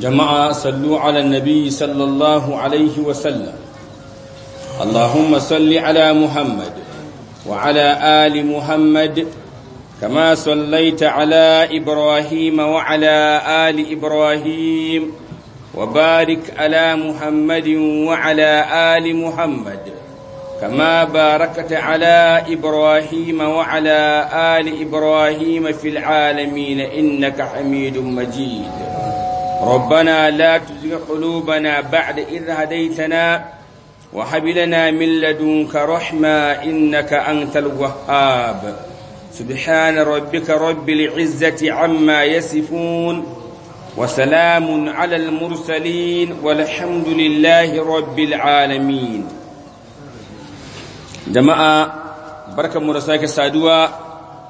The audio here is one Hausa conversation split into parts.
جماعة صلوا على النبي صلى الله عليه وسلم اللهم صل على محمد وعلى آل محمد كما صليت على إبراهيم وعلى آل إبراهيم وبارك على محمد وعلى آل محمد كما باركت على إبراهيم وعلى آل إبراهيم في العالمين إنك حميد مجيد ربنا لا تزغ قلوبنا بعد إذ هديتنا وهب لنا من لدنك رحمة إنك أنت الوهاب سبحان ربك رب العزة عما يصفون وسلام على المرسلين والحمد لله رب العالمين جماعة بركة مرساك السادوة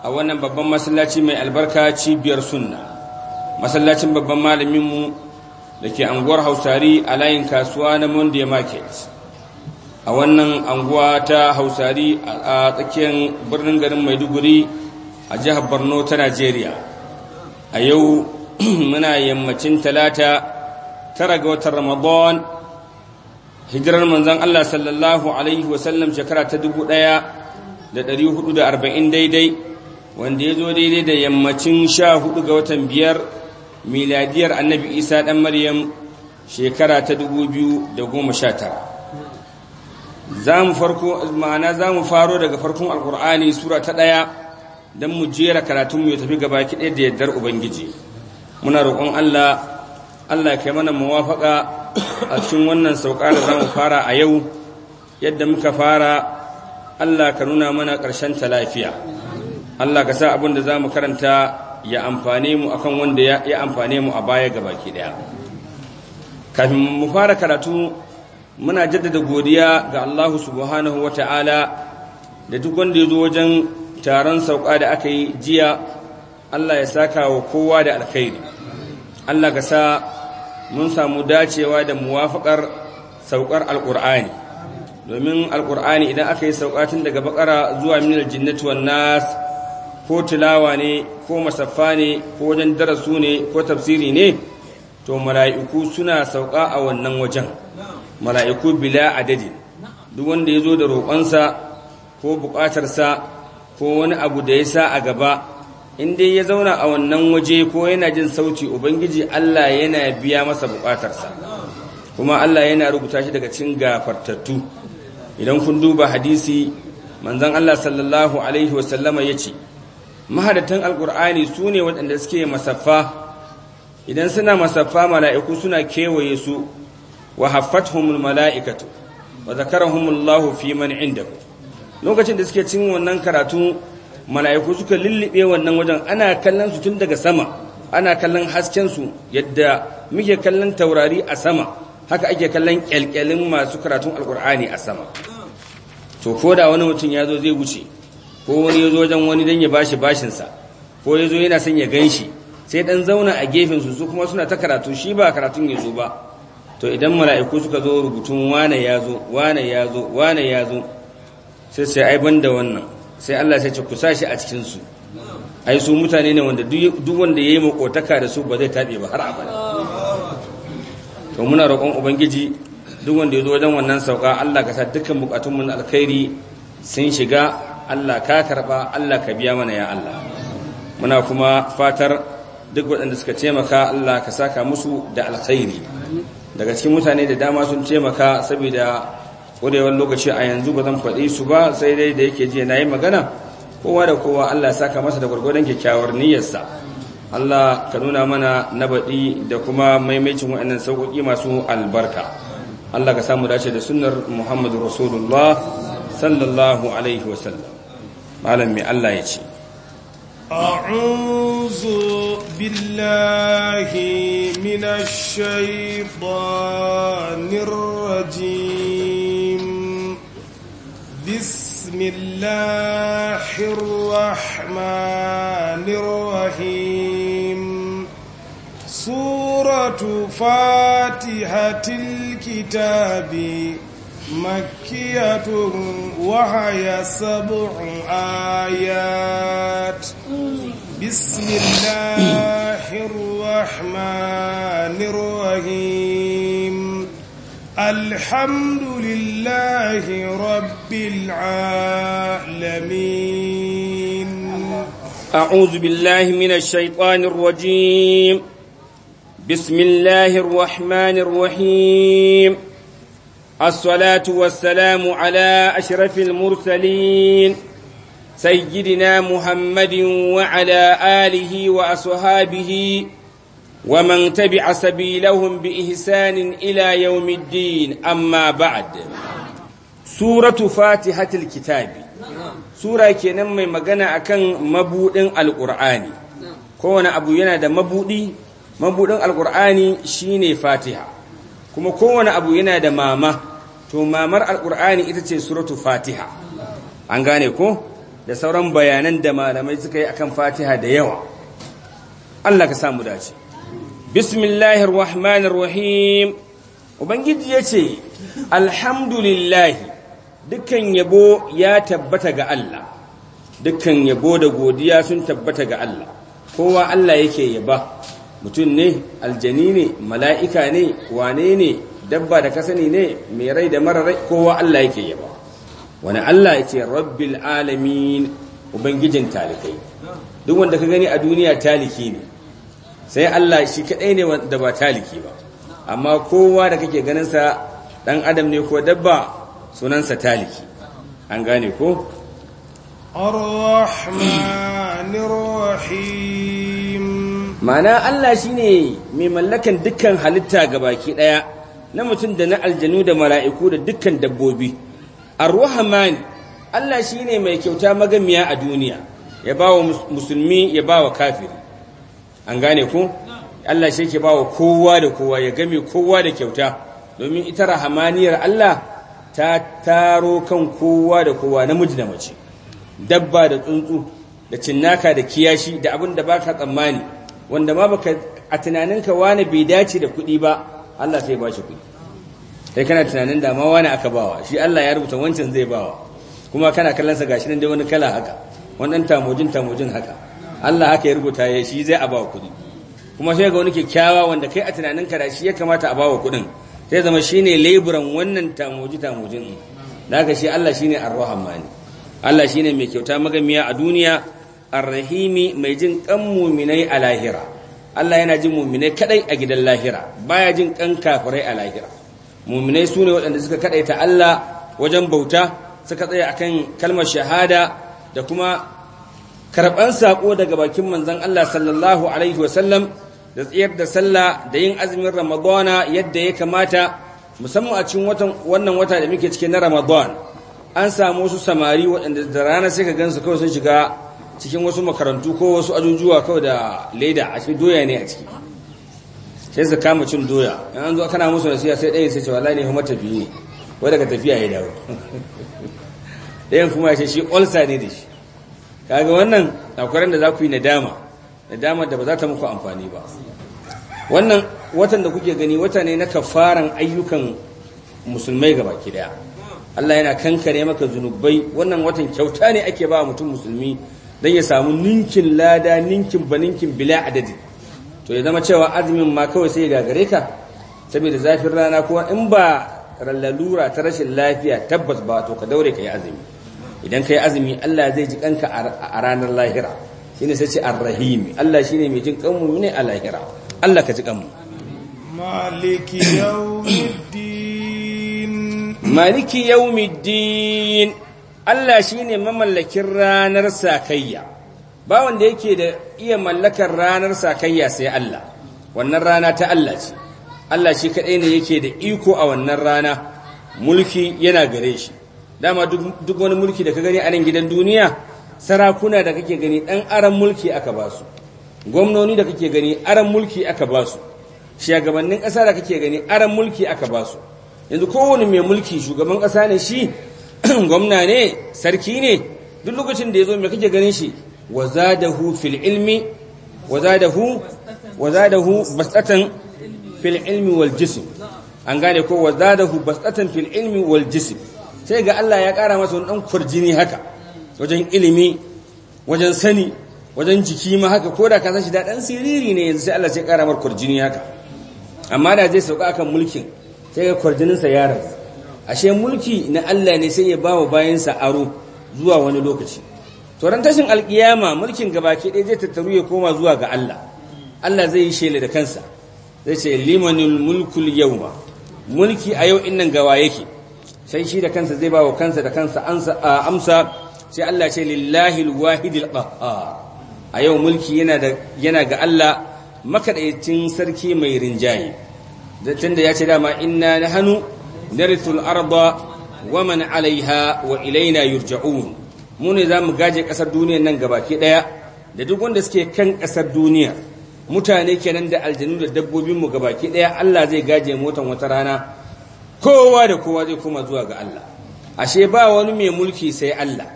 أولا بابا مسلاتي من البركة تشيبير سنه masallacin babban malaminmu da ke anguwar hausari a layin kasuwa na monday market a wannan anguwa ta hausari a tsakiyar birnin garin maiduguri a jihar borno ta nigeria a yau muna yammacin talata tara ga watan ramadan hijirar manzan allah sallallahu alaihi wasallam shekara ta dubu daya da dari hudu da arba'in daidai wanda ya zo daidai da yammacin sha hudu ga watan biyar miladiyar annabi isa ɗan maryam shekara ta 2019 za mu farko ma'ana za mu faro daga farkon alkur'ani sura ta ɗaya don mu jera karatun mu ya tafi gaba ki ɗaya da yardar ubangiji muna roƙon allah allah kai mana muwafaƙa a cikin wannan sauka da za mu fara a yau yadda muka fara allah ka nuna mana ƙarshen ta lafiya allah ka sa abin da za mu karanta ya amfane mu akan wanda ya amfane mu a baya ga baki daya kafin mu fara karatu muna jaddada godiya ga Allah subhanahu wata'ala da duk wanda ya zo wajen taron sauka da aka yi jiya Allah ya saka wa kowa da alkhairi Allah ga sa mun samu dacewa da muwafaqar saukar alqur'ani domin Alƙur'ani idan aka yi sauka tun daga bakara zuwa minal jinnati nas ko tilawa ne ko masaffa ne ko wajen darasu ne ko tafsiri ne to mala'iku suna sauka a wannan wajen mala'iku bila adadi duk wanda ya zo da roƙonsa ko buƙatarsa ko wani abu da ya sa a gaba in dai ya zauna a wannan waje ko yana jin sauti ubangiji Allah yana biya masa buƙatarsa kuma Allah yana rubuta shi daga cin gafartattu idan kun duba hadisi manzon Allah sallallahu alaihi wasallama ya ce mahadatan alkur'ani su ne waɗanda suke masaffa idan suna masaffa mala'iku suna kewaye su wa haffathumul mala'ikatu wa lahu fi man ku lokacin da suke cin wannan karatu mala'iku suka lullube wannan wajen ana kallon su tun daga sama ana kallon hasken su yadda muke kallon taurari a sama haka ake kallon kyalkyalin masu karatun alkur'ani a sama to ko da wani mutum ya zo zai wuce ko wani ya zo wajen wani don ya bashi bashinsa ko ya zo yana son ya gan shi sai dan zauna a gefen su kuma suna ta karatu shi ba karatun ya zo ba to idan mala'iku suka zo rubutun wane ya zo wane ya zo wane ya zo sai sai ai banda wannan sai Allah sai ce ku sa shi a cikin su ai su mutane ne wanda duk wanda yayi makotaka da su ba zai tabe ba har abada to muna roƙon ubangiji duk wanda ya zo wajen wannan sauka Allah ka sa dukkan bukatun mu na alkhairi sun shiga Allah ka karba Allah ka biya mana ya Allah muna kuma fatar duk waɗanda suka taimaka Allah ka saka musu da alkhairi daga cikin mutane da dama sun taimaka saboda ƙurewar lokaci a yanzu ba zan faɗi su ba sai dai da yake jiya na yi magana kowa da kowa Allah saka masa da gwargwadon kyakkyawar niyyarsa Allah ka nuna mana na baɗi da kuma maimaicin waɗannan sauƙoƙi masu albarka Allah ka samu dace da sunnar Muhammadu Rasulullah sallallahu alaihi wasallam malam mai Allah ya ce a'udhu billahi minash shaitanir rajim bismillahir rahmanir rahim suratu fatihatil kitabi مكية وهي سبع آيات بسم الله الرحمن الرحيم الحمد لله رب العالمين أعوذ بالله من الشيطان الرجيم بسم الله الرحمن الرحيم الصلاة والسلام على أشرف المرسلين سيدنا محمد وعلى آله وأصحابه ومن تبع سبيلهم بإحسان إلى يوم الدين أما بعد سورة فاتحة الكتاب سورة كنم مغانا أكن مبود القرآن كون أبو ينا دا مبودي مبود القرآن شيني فاتحة kuma kowane abu yana da mama to mamar alkur'ani ita ce suratu fatiha an gane ko da sauran bayanan da malamai suka yi akan fatiha da yawa Allah ka samu dace bismillahir rahmanir rahim ubangiji yace alhamdulillahi, dukkan yabo ya tabbata ga Allah dukkan yabo da godiya sun tabbata ga Allah kowa Allah yake yaba mutum ne aljani ne mala'ika ne wane ne dabba da kasani ne mai rai da mara kowa Allah yake yaba wani Allah ya ce rabbil alamin ubangijin talikai duk wanda ka gani a duniya taliki ne sai Allah shi kaɗai ne da ba taliki ba amma kowa da kake ganinsa ɗan adam ne ko dabba sunansa taliki an gane ko ar-rahmanir rahim ma'ana Allah shi ne mai mallakan dukkan halitta ga baki ɗaya na mutum da na aljanu da mala'iku da dukkan dabbobi ar-rahman Allah ne mai kyauta magamiya a duniya ya ba wa musulmi ya ba wa kafiri an gane ku Allah shi ba bawa kowa da kowa ya game kowa da kyauta domin ita rahamaniyar Allah ta taro kan kowa da kowa namiji da mace dabba da tsuntsu da cinnaka da kiyashi da abin da baka tsammani wanda ma baka a tunaninka wani bai dace da kuɗi ba Allah sai ba shi kuɗi kai kana tunanin da ma wani aka bawa shi Allah ya rubuta wancan zai bawa kuma kana kallon sa gashi nan dai wani kala haka wannan tamojin tamojin haka Allah haka ya rubuta ya shi zai a bawa kuɗi kuma sai ga wani kyakkyawa wanda kai a tunaninka da shi ya kamata a bawa kuɗin sai zama shine leburan wannan tamoji tamojin da haka shi Allah shine ar Allah shine mai kyauta magamiya a duniya arrahimi mai jin kan muminai a lahira Allah yana jin muminai kadai a gidan lahira baya jin kan kafirai a lahira muminai su ne waɗanda suka kadaita Allah wajen bauta suka tsaya akan kalmar shahada da kuma karɓar saƙo daga bakin manzon Allah sallallahu alaihi wasallam da tsayar da sallah da yin azumin ramadana yadda ya kamata musamman a cikin wannan wata da muke cikin na ramadan an samu wasu samari waɗanda da rana sai ka gansu kawai sun shiga cikin wasu makarantu ko wasu ajujuwa kawai da leda a cikin doya ne a ciki sai su kama cin doya in an zo kana musu nasiya sai ɗaya sai cewa lani ne kuma tafiye ne wai daga tafiya ya dawo ɗayan kuma ya shi olsa ne da shi kaga wannan akwai da za ku yi nadama nadama da ba za ta muku amfani ba wannan watan da kuke gani wata ne na kafaran ayyukan musulmai gaba ki daya Allah yana kankare maka zunubai wannan watan kyauta ne ake ba mutum musulmi don ya samu ninkin lada ninkin baninkin bila adadi to ya zama cewa azumin ma kawai sai ya gagare ka saboda zafin rana kuma in ba rallalura ta rashin lafiya tabbas ba to ka daure ka yi azumi idan ka yi azumi Allah zai ji kanka a ranar lahira shine sai ce arrahimi Allah shine mai jin kanmu ne a lahira Allah ka ji kanmu maliki yawmiddin maliki yawmiddin Allah shi ne mamallakin ranar sakayya ba wanda yake da iya mallakar ranar sakayya sai Allah wannan rana ta Allah ce Allah shi kaɗai ne yake da iko a wannan rana mulki yana gare shi dama duk wani mulki da ka gani a nan gidan duniya sarakuna da kake gani ɗan aran mulki aka ba su gwamnoni da kake gani aran mulki aka ba su shugabannin ƙasa da kake gani aran mulki aka ba su yanzu kowane mai mulki shugaban ƙasa ne shi gwamna ne sarki ne duk lokacin da ya zo mai kake ganin shi wa hu fil ilmi wa hu, wa hu bastatan fil ilmi wal jisim an gane ko wa hu bastatan fil ilmi wal jisim sai ga Allah ya kara masa wani dan kurjini haka wajen ilimi wajen sani wajen jiki ma haka ko da ka san shi da dan siriri ne yanzu sai Allah sai kara mar kurjini haka amma da zai sauka akan mulkin sai ga kurjininsa ya rasu. ashe mulki na Allah ne sai ya ba wa bayansa aro zuwa wani lokaci to tashin alkiyama mulkin gabaki ɗaya zai tattaru ya koma zuwa ga Allah Allah zai yi shela da kansa zai ce limanul mulkul yawma mulki a yau innan gawa yake sai shi da kansa zai ba wa kansa da kansa amsa sai Allah ce lillahi alwahidil qahhar a yau mulki yana da yana ga Allah makadaicin sarki mai rinjaye da tunda ya ce dama inna nahnu narithul arda wa man alaiha wa ilaina yurja'un mu ne zamu gaje kasar duniyar nan gabaki daya da duk wanda suke kan kasar duniya mutane kenan da aljanu da dabbobin mu gabaki daya Allah zai gaje motan wata rana kowa da kowa zai kuma zuwa ga Allah ashe ba wani mai mulki sai Allah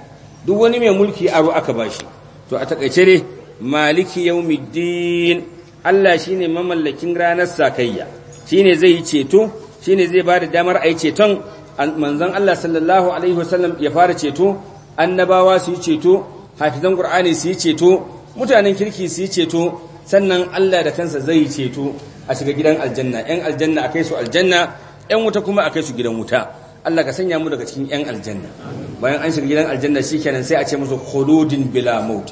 duk wani mai mulki aro aka bashi to a takaice ne maliki yaumiddin Allah shine mamallakin ranar sakayya shine zai yi ceto shine zai ba da damar a yi ceton manzon Allah sallallahu alaihi wasallam ya fara ceto annabawa su yi ceto hafizan qur'ani su yi ceto mutanen kirki su yi ceto sannan Allah da kansa zai yi ceto a shiga gidan aljanna yan aljanna a kai su aljanna yan wuta kuma a kai su gidan wuta Allah ka sanya mu daga cikin yan aljanna bayan an shiga gidan aljanna shikenan sai a ce musu khuludin bila maut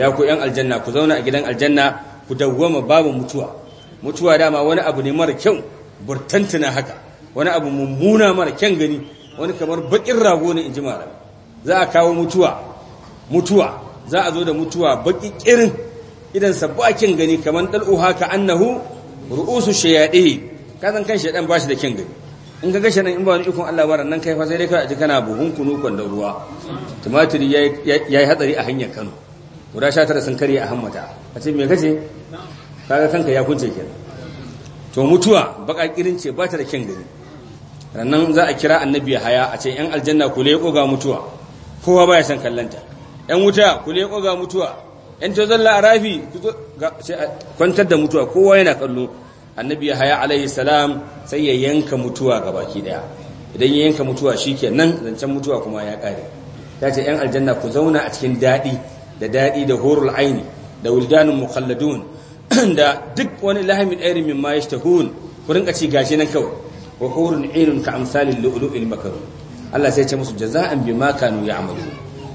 ya ku yan aljanna ku zauna a gidan aljanna ku dawwama babu mutuwa mutuwa dama wani abu ne mara kyau na haka wani abu mummuna mara kyan gani wani kamar bakin rago ne in ji malami za a kawo mutuwa mutuwa za a zo da mutuwa baki kirin idan sa kyan gani kamar dal'u haka annahu ru'usu shayadi kazan kan shaydan bashi da kyan gani in ka gashe nan in ba wani ikon Allah ba nan kai fa sai dai ka a ji kana buhun kunu kwandon ruwa tumatiri yayi hatsari a hanyar Kano guda 19 sun karye a hammata a ce me kace kaga kanka ya kunce kenan to mutuwa baka kirin ce ba ta da kyan gani rannan za a kira annabi haya a ce yan aljanna ku leƙo ga mutuwa kowa baya san kallanta yan wuta ku leƙo ga mutuwa yan tozalla a rafi kwantar da mutuwa kowa yana kallo annabi haya alaihi salam sai ya yanka mutuwa ga baki daya idan ya yanka mutuwa nan zancen mutuwa kuma ya kare ta ce yan aljanna ku zauna a cikin daɗi da daɗi da horul aini da wuldanin mukalladun da duk wani lahamin ɗairin min ma yashtahun ku rinka ci gashi nan kawai wa hurun irin ka amsalin lu'ulu'il makaru Allah sai ce musu jaza'an ma kanu ya amalu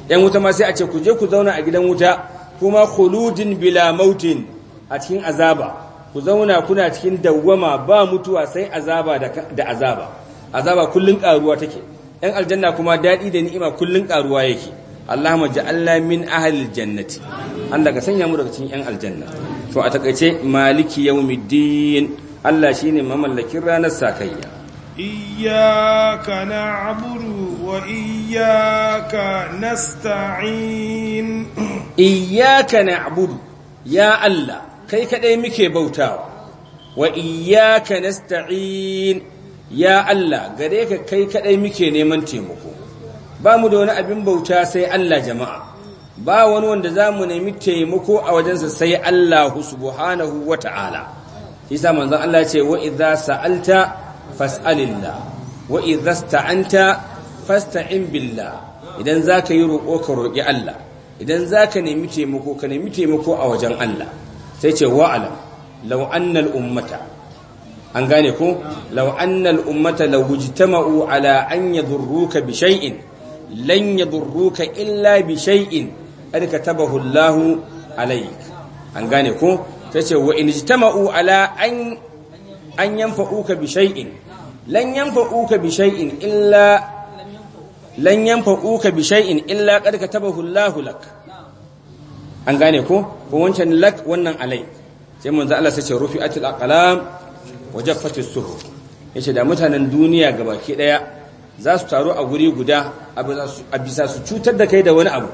yan wuta ma sai a ce ku je ku zauna a gidan wuta kuma khuludin bila mautin a cikin azaba ku zauna kuna cikin dawwama ba mutuwa sai azaba da azaba azaba kullun karuwa take ɗan aljanna kuma daɗi da ni'ima kullun karuwa yake Allahumma ja'alna min ahlil jannati Allah ka sanya mu daga cikin ƴan aljanna to a takaice maliki yawmiddin Allah shine mamallakin ranar sakayya iyyaka na'budu wa iyyaka nasta'in iyyaka na'budu ya Allah kai kadai muke bautawa wa iyyaka nasta'in ya Allah gare ka kai kadai muke neman taimako ba mu da wani abin bauta sai Allah jama'a ba wani wanda za mu nemi taimako a wajensa sai Allah subhanahu wa ta'ala shi sa manzon Allah ce wa idza sa'alta fas'alillah wa idza sta'anta fasta'in billah idan zaka yi roƙo ka roƙi Allah idan za ka nemi taimako ka nemi taimako a wajen Allah sai ce wa alam law anna ummata an gane ko law ummata al ummata law ala an yadurruka bi shay'in lan yadurruka illa bi qad Allahu alayk an gane ko tace wa in jitama'u ala an an yanfa'uka bi shay'in lan yanfa'uka bi shay'in illa lan yanfa'uka bi shay'in illa qad katabahu Allahu lak an gane ko ko wancan lak wannan alai sai manzo Allah sai ce rufi'atul aqlam wa jaffatus suhu yace da mutanen duniya gabaki daya za su taru a guri guda a bisa su cutar da kai da wani abu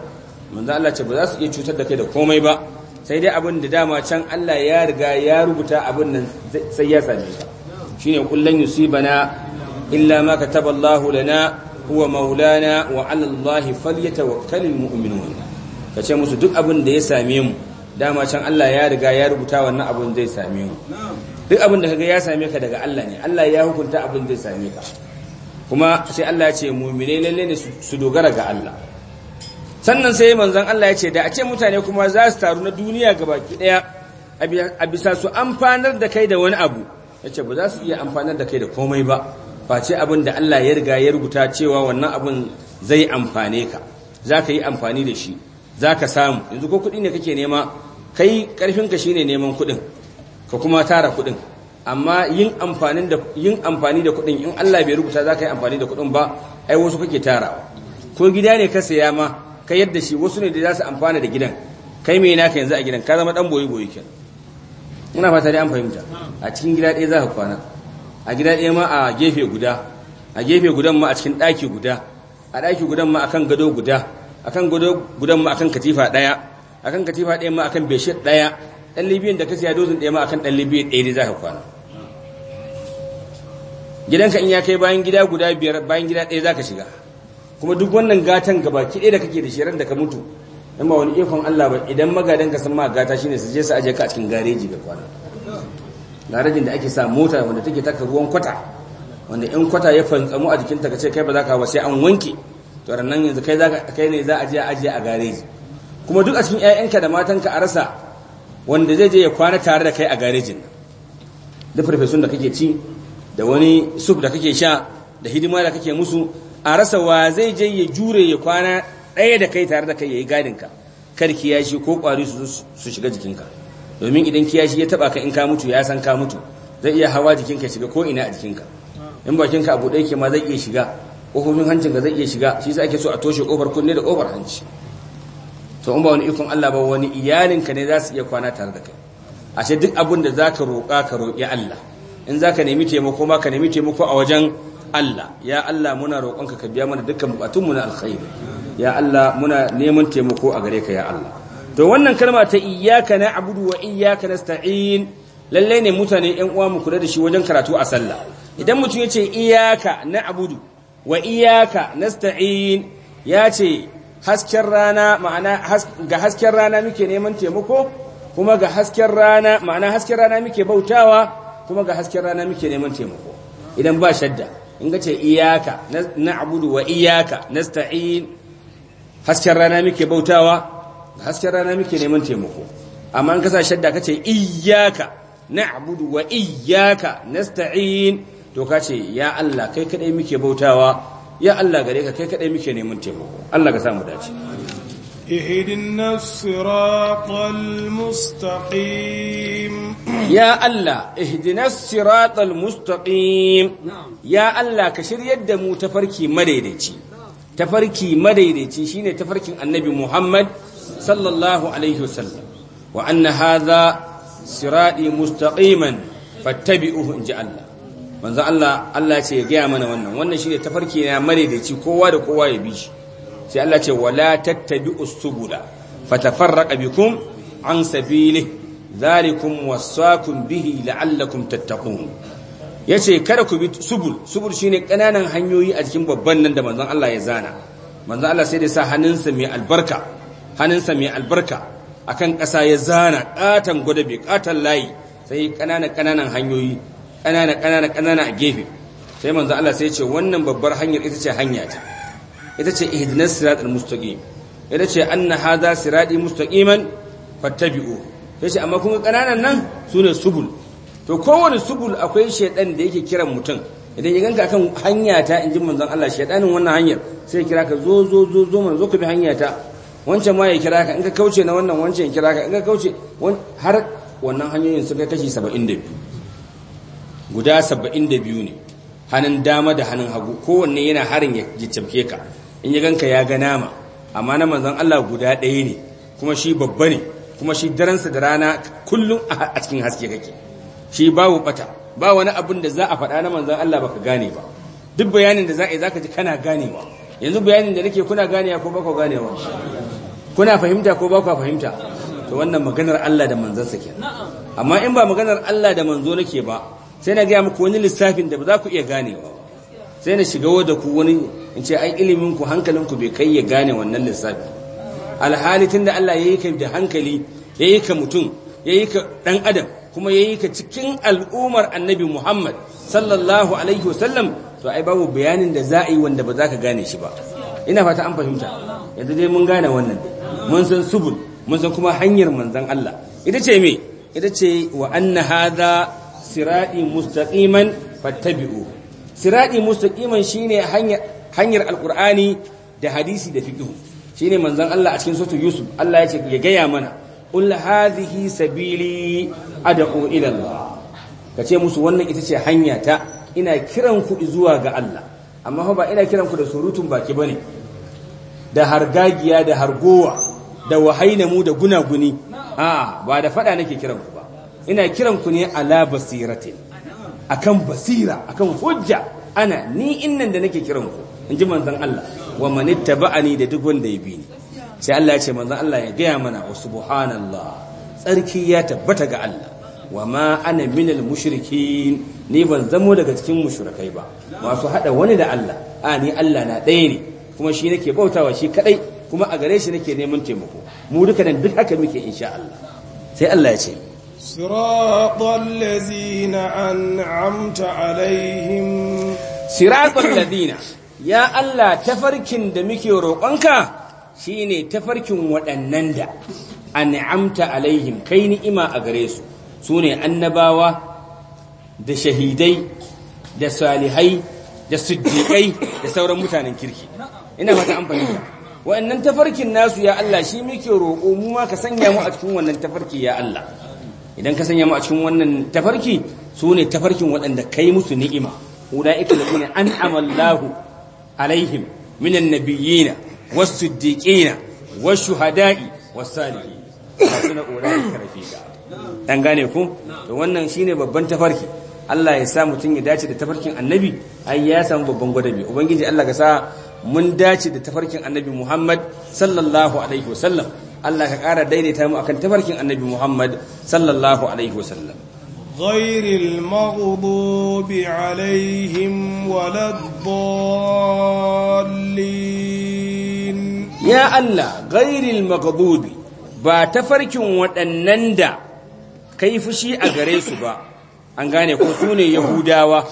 manzo Allah ce ba za su iya cutar da kai da komai ba sai dai abin da dama can Allah ya riga ya rubuta abin nan sai ya same ka shine kullan yusibana illa ma kataba Allahu lana huwa maulana wa ala Allah falyatawakkalul mu'minun kace musu duk abin da ya same mu dama can Allah ya riga ya rubuta wannan abin zai same mu duk abin da kaga ya same ka daga Allah ne Allah ya hukunta abin zai same ka kuma sai Allah ya ce mu'mine lalle ne su dogara ga Allah sannan sai manzon Allah ya ce da a ce mutane kuma za su taru na duniya gabaki daya a bisa su amfanar da kai da wani abu yace ba za su iya amfanar da kai da komai ba face abin da Allah ya riga ya rubuta cewa wannan abin zai amfane ka zaka yi amfani da shi zaka samu yanzu ko kuɗi ne kake nema kai karfin ka shine neman kuɗin ka kuma tara kuɗin amma yin amfani da yin kuɗin in Allah bai rubuta ka yi amfani da kuɗin ba ai wasu kake tara ko gida ne ka saya ma ka yadda shi wasu ne da za su amfana da gidan kai na naka yanzu a gidan ka zama dan boye boye kenan ina fata dai an fahimta a cikin gida ɗaya za ka kwana a gida ɗaya ma a gefe guda a gefe gudan ma a cikin ɗaki guda a ɗaki gudan ma akan gado guda akan gado gudan ma akan katifa ɗaya akan katifa ɗaya ma akan beshe ɗaya ɗan libiyan da ka siya dozin ɗaya ma akan ɗan libiyan ɗaya za ka kwana gidanka in ya kai bayan gida guda biyar bayan gida ɗaya za ka shiga kuma duk wannan gatan gaba ki da kake da shirin da ka mutu in ba wani ikon Allah ba idan magadan ka san ma gata shine su je su aje ka a cikin gareji ga kwana garejin da ake sa mota wanda take taka ruwan kwata wanda in kwata ya fantsamu a jikinta ka ce kai ba za ka ba sai an wanke to ranan yanzu kai ne za a je a aje a gareji kuma duk a cikin ƴaƴanka da matanka a rasa wanda zai je ya kwana tare da kai a garejin da farfesun da kake ci da wani suf da kake sha da hidima da kake musu a rasa wa zai je ya jure ya kwana ɗaya da kai tare da kai ya yi gadinka kar kiyashi ko ƙwari su shiga jikinka domin idan kiyashi ya taɓa ka in ka mutu ya san ka mutu zai iya hawa jikinka shiga ko ina a jikinka in bakinka abu ɗaya ke ma zai iya shiga ƙofofin hancinka zai iya shiga shi ake so a toshe ƙofar kunne da ƙofar hanci to in ba wani ikon Allah ba wani iyalinka ne za su iya kwana tare da kai ashe duk abin da za ka roƙa ka roƙi Allah in za ka nemi taimako ma ka nemi taimako a wajen Allah ya Allah muna roƙonka ka biya mana dukkan bukatunmu na alkhairi ya Allah muna neman taimako a gare ka ya Allah to wannan kalma ta iyyaka na'budu wa iyyaka nasta'in lalle ne mutane ƴan uwa mu kula da shi wajen karatu a sallah idan mutum ya ce iyyaka na'budu wa iyyaka nasta'in ya ce hasken rana ma'ana ga hasken rana muke neman taimako kuma ga hasken rana ma'ana hasken rana muke bautawa kuma ga hasken rana muke neman taimako idan ba shadda in ka ce iyaka na abudu wa iyaka nasta'in hasken rana muke bautawa da hasken rana muke neman taimako amma in ka sa shadda ka ce iyaka na abudu wa iyaka nasta'in to ka ce ya Allah kai kadai muke bautawa ya Allah gare ka kai kadai muke neman taimako Allah ka samu dace اهدنا الصراط المستقيم يا الله ya Allah ka يا da mu tafarki madaidaici tafarki madaidaici shine tafarkin annabi Muhammad sallallahu alaihi wasallam wa anna hadha sirati mustaqiman fattabi'uhu inji Allah manzo Allah Allah ce ya gaya mana wannan wannan shine tafarki na madaidaici kowa da kowa ya bi shi sai Allah ce wala tattabi'us subula fatafarraqa bikum an sabilihi zalikum wasaqum bihi la'allakum tattaqun yace kada ku bi subul subul shine kananan hanyoyi a cikin babban nan da manzon Allah ya zana manzon Allah sai da sa hannunsa mai albarka hannunsa mai albarka akan ƙasa ya zana katan gwadabe katan layi sai kananan kananan hanyoyi kanana kanana kanana a gefe sai manzo Allah sai ya ce wannan babbar hanyar ita ce hanya ta ita ce ihdinas siratal mustaqim ita ce anna hadha sirati mustaqiman fattabi'u ce amma kun kananan nan sune subul to kowane subul akwai shedan da yake kiran mutum idan ya ganka kan hanya ta inji manzon Allah shedanin wannan hanyar sai kira ka zo zo zo zo mun zo ku bi hanya ta wancan ma ya kira ka in ka kauce na wannan wancan ya kira ka in ka kauce har wannan hanyoyin kai kashi 72 guda 72 ne hannun dama da hannun hagu kowanne yana harin ya jicce ka in yi ganka ya ga nama amma na manzan Allah guda ɗaya ne kuma shi babba ne kuma shi daransa da rana kullum a cikin haske kake shi babu bata ba wani abin da za a faɗa na manzan Allah baka gane ba duk bayanin da za a yi ka ji kana ganewa yanzu bayanin da nake kuna ganewa ko baka ganewa kuna fahimta ko baka fahimta to wannan maganar Allah da manzansa ke amma in ba maganar Allah da manzo nake ba sai na ga muku wani lissafin da ba za ku iya ganewa sai na shiga wadda ku wani in ce ai ilimin ku hankalin ku bai kai ya gane wannan lissafi alhali tun da Allah ya yi ka da hankali yayi ka mutum yayi ka ɗan adam kuma yayi ka cikin al'ummar annabi Muhammad sallallahu alaihi wasallam to ai babu bayanin da za a yi wanda ba za ka gane shi ba ina fata an fahimta yanzu dai mun gane wannan mun san subul mun san kuma hanyar manzon Allah ita ce me ita ce wa anna hadha sirati mustaqiman fattabi'u siradi mustaqiman shine hanyar hanyar alqur'ani da hadisi da fiqh shine manzon Allah a cikin suratul yusuf Allah ya ya gaya mana ul hadhihi sabili ad'u ila Allah kace musu wannan ita ce hanya ta ina kiran ku zuwa ga Allah amma fa ba ina kiran ku da surutun baki bane da hargagiya da hargowa da wahainamu da gunaguni a ba da fada nake kiran ku ba ina kiran ku ne ala basiratin akan basira akan hujja ana ni innan da nake kiran ku in ji manzon Allah wa man ittaba'ani da duk wanda ya bi ni sai Allah ya ce manzon Allah ya gaya mana wa subhanallah tsarki ya tabbata ga Allah wa ma ana minal mushrikin ni ban zamo daga cikin mushrikai ba masu hada wani da Allah a ni Allah na ɗaya ne kuma shi nake bautawa shi kadai kuma a gare shi nake neman taimako mu duka duk haka muke insha Allah sai Allah ya ce صراط الذين أنعمت عليهم صراط الذين يا الله تفركن دمك يروقنك شيني تفركن ودنندا أنعمت عليهم كين إما أغريسو سوني النباوة da shahidai da salihai da siddiƙai da sauran mutanen kirki ina fata an fahimta wa'annan tafarkin nasu ya Allah shi muke roƙo mu ma ka sanya mu a cikin wannan tafarki ya Allah idan ka sanya mu a cikin wannan tafarki su ne tafarkin waɗanda kai musu ni'ima ulaika alladhina an'ama Allahu alaihim minan wasu was wasu wash wasu salihi salihin suna ulaika rafiqa dan gane ku to wannan shine babban tafarki Allah ya sa mutum ya dace da tafarkin annabi ai ya samu babban gwadabi ubangiji Allah ka sa mun dace da tafarkin annabi Muhammad sallallahu alaihi wasallam Allah ka ƙara daidaita mu akan tafarkin annabi Muhammad sallallahu alaihi wasallam غير المغضوب عليهم ولا الضالين يا الله غير المغضوب ba tafarkin waɗannan da kai fushi a gare su ba an gane ko su ne yahudawa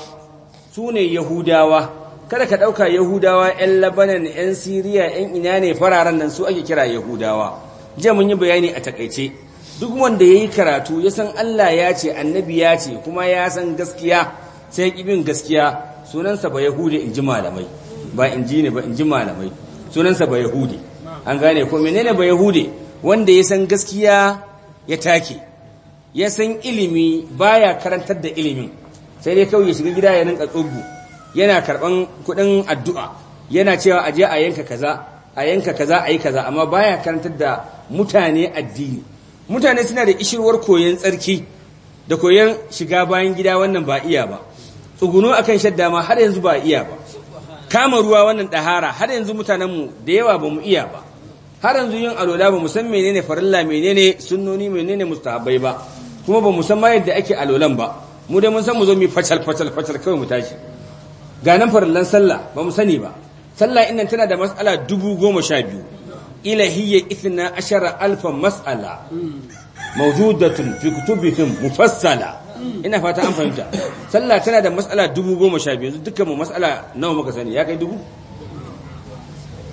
su ne yahudawa kada ka ɗauka yahudawa 'yan labanan 'yan siriya 'yan ina ne fararen nan su ake kira yahudawa jiya mun yi bayani a takaice duk wanda ya yi karatu ya san Allah ya ce annabi ya ce kuma ya san gaskiya sai ya bin gaskiya sunansa ba yahudi in ji malamai ba in ji ne ba in ji malamai sunansa ba yahudi an gane ko menene ba yahudi wanda ya san gaskiya ya take ya san ilimi baya karantar da ilimin sai dai kawai ya shiga gida ya rinka tsoggu yana karban kuɗin addu'a yana cewa aje a yanka kaza a yanka kaza a yi kaza amma baya karantar da mutane addini mutane suna da ishirwar koyon tsarki da koyon shiga bayan gida wannan ba iya ba tsuguno akan shadda ma har yanzu ba iya ba kama ruwa wannan ɗahara har yanzu mutanenmu da yawa ba mu iya ba har yanzu yin alola ba mu san menene farilla menene sunnoni menene mustahabbai ba kuma ba mu san ma yadda ake alolan ba mu dai mun san mu zo mu facal facal kawai mu tashi ga nan farillan sallah ba mu sani ba sallah innan tana da mas'ala dubu goma sha biyu ilahiyya ithna ashara alfan mas'ala mawjudatun fi kutubihim mufassala ina fata an fahimta sallah tana da mas'ala dubu goma sha biyu dukkan mu mas'ala nawa muka sani ya kai dubu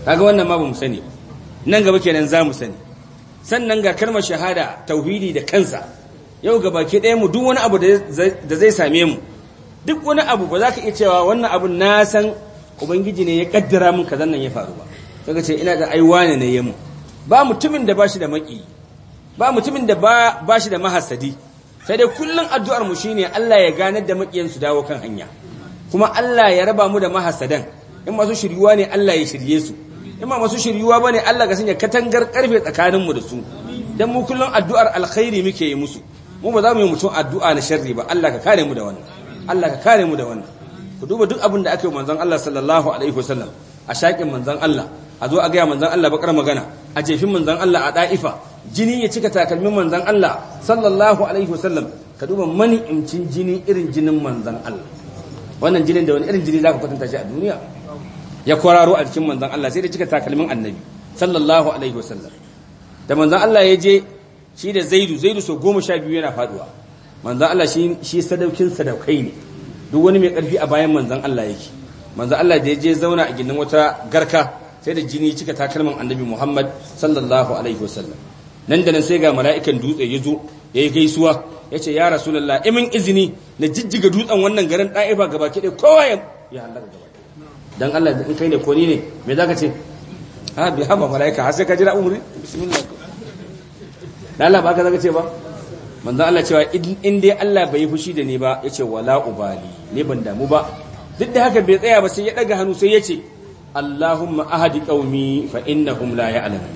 kaga wannan ma ba mu sani nan gaba kenan za mu sani sannan ga kalmar shahada tauhidi da kansa yau ga baki ɗaya mu duk wani abu da zai same mu duk wani abu ba za ka iya cewa wannan abu na san ubangiji ne ya kaddara mun kazan nan ya faru ba kaga ce ina da ai ne ne yemu ba mutumin da bashi da maki ba mutumin da ba shi da mahasadi sai dai kullun addu'ar mu shine Allah ya ganar da makiyan su dawo kan hanya kuma Allah ya raba mu da mahasadan in masu shiryuwa ne Allah ya shirye su in ma masu shiryuwa bane Allah ka sanya katangar karfe tsakanin mu da su dan mu kullun addu'ar alkhairi muke yi musu mu ba za mu yi mutum addu'a na sharri ba Allah ka kare mu da wannan Allah ka kare mu da wannan ku duba duk abin da aka yi manzon Allah sallallahu alaihi wasallam a shakin manzon Allah a zo a gaya manzan Allah bakar magana a jefin manzan Allah a ɗa'ifa jini ya cika takalmin manzan Allah sallallahu alaihi wasallam ka duba mani'imcin jini irin jinin manzan Allah wannan jinin da wani irin jini za ka kwatanta shi a duniya ya kwararo a cikin manzan Allah sai da cika takalmin annabi sallallahu alaihi wasallam da manzan Allah ya je shi da zaidu zaidu so goma sha biyu yana faduwa manzan Allah shi sadaukin sadaukai ne duk wani mai ƙarfi a bayan manzan Allah yake manzan Allah da ya je zauna a ginin wata garka sai da jini cika takalman annabi Muhammad sallallahu alaihi wasallam nan da nan sai ga mala'ikan dutse ya zo ya yi gaisuwa ya ce ya rasulullah imin eh, izini na jijjiga dutsen wannan garin ba gaba kiɗe kowa ya halaka gaba dan Allah in kai ne ko ni ne me zaka ce ha bi haba malaika har sai ka jira umri bismillah Allah ba ka zaka ce ba manzon Allah cewa in dai Allah bai fushi da ni ba yace wala ubali ne ban damu ba duk da haka bai tsaya ba sai ya daga hannu sai yace Allahumma ahadi qaumi fa innahum la ya'lamun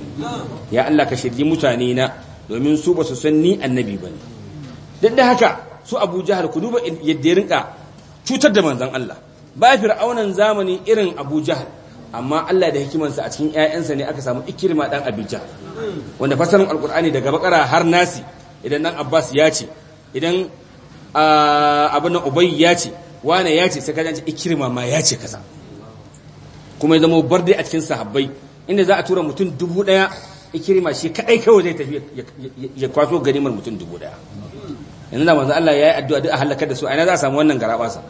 ya Allah ka shirye mutane na domin su ba su san ni annabi bane duk da haka su Abu Jahal ku duba yadda ya rinka cutar da manzon Allah ba fir'aunan zamani irin Abu Jahal amma Allah da hikimansa a cikin ƴaƴansa ne aka samu ikirma dan Abi wanda fasarin alqur'ani daga bakara har nasi idan nan Abbas ya ce idan ah, abin Ubay ya ce wane ya ce sai ka ji ikirma ma ya ce kaza kuma ya zama dai a cikin sahabbai inda za a tura mutum dubu daya ikirima shi kaɗai kawai zai tafi ya kwaso ganimar mutum dubu ɗaya yanzu da manzo Allah ya yi addu'a duk a halakar da su a ina za a samu wannan sa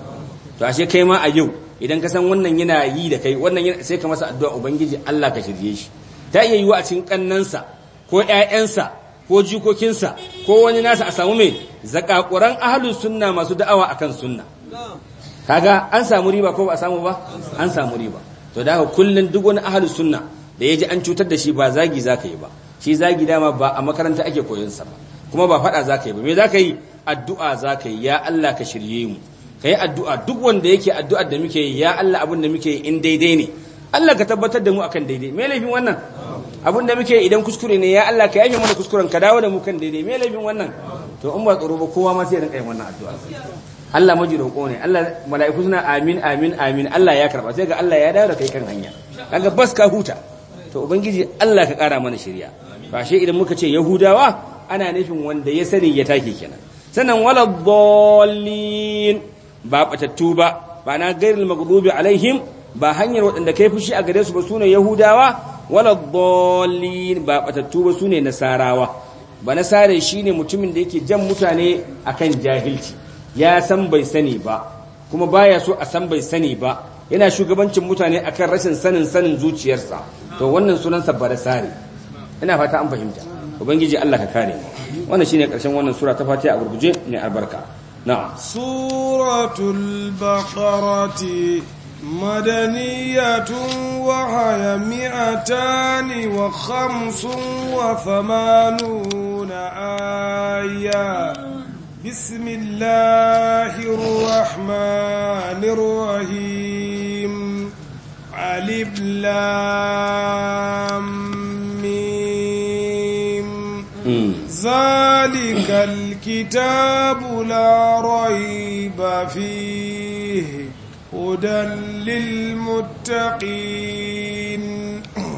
to ashe kai ma a yau idan ka san wannan yana yi da kai wannan sai ka masa addu'a ubangiji Allah ka shirye shi ta iya yiwa a cikin kannansa ko ƴaƴansa ko jikokinsa ko wani nasa a samu mai zakakuran ahlus sunna masu da'awa akan sunna kaga an samu riba ko ba a samu ba an samu riba to da haka kullun duk wani ahlus sunna da yaji an cutar da shi ba zagi zaka yi ba shi zagi dama ba a makaranta ake koyon sa ba kuma ba fada zaka yi ba me zaka yi addu'a zaka yi ya Allah ka shirye mu kai addu'a duk wanda yake addu'ar da muke yi ya Allah abin da muke yi in daidai ne Allah ka tabbatar da mu akan daidai me laifin wannan abin da muke idan kuskure ne ya Allah ka yafe mana kuskuren ka dawo da mu kan daidai me laifin wannan to in ba tsoro ba kowa ma sai ya rinka yin wannan addu'a Allah maji roƙo ne Allah mala'iku suna amin amin amin Allah ya karba sai ga Allah ya dawo da kai kan hanya kaga bas ka huta to ubangiji Allah ka kara mana shirya ba shi idan muka ce yahudawa ana nufin wanda ya sani ya take kenan sannan wala ba batattu ba ba na gairil maghdubi alaihim ba hanyar waɗanda kai fushi a gare su ba sune yahudawa wala ba batattu ba sune nasarawa ba nasare shine mutumin da yake jan mutane akan jahilci ya san bai sani ba kuma baya so a san bai sani ba yana shugabancin mutane akan rashin sanin sanin zuciyarsa to wannan sunansa barasari ina fata an fahimta ubangiji Allah ka kare mu wannan shine karshen wannan sura ta Fatiha a gurguje ne albarka na'am suratul baqarati مدنية وهي مئتان وخمس وثمانون آيات بسم الله الرحمن الرحيم ألف لام ميم ذلك الكتاب لا ريب فيه هدى للمتقين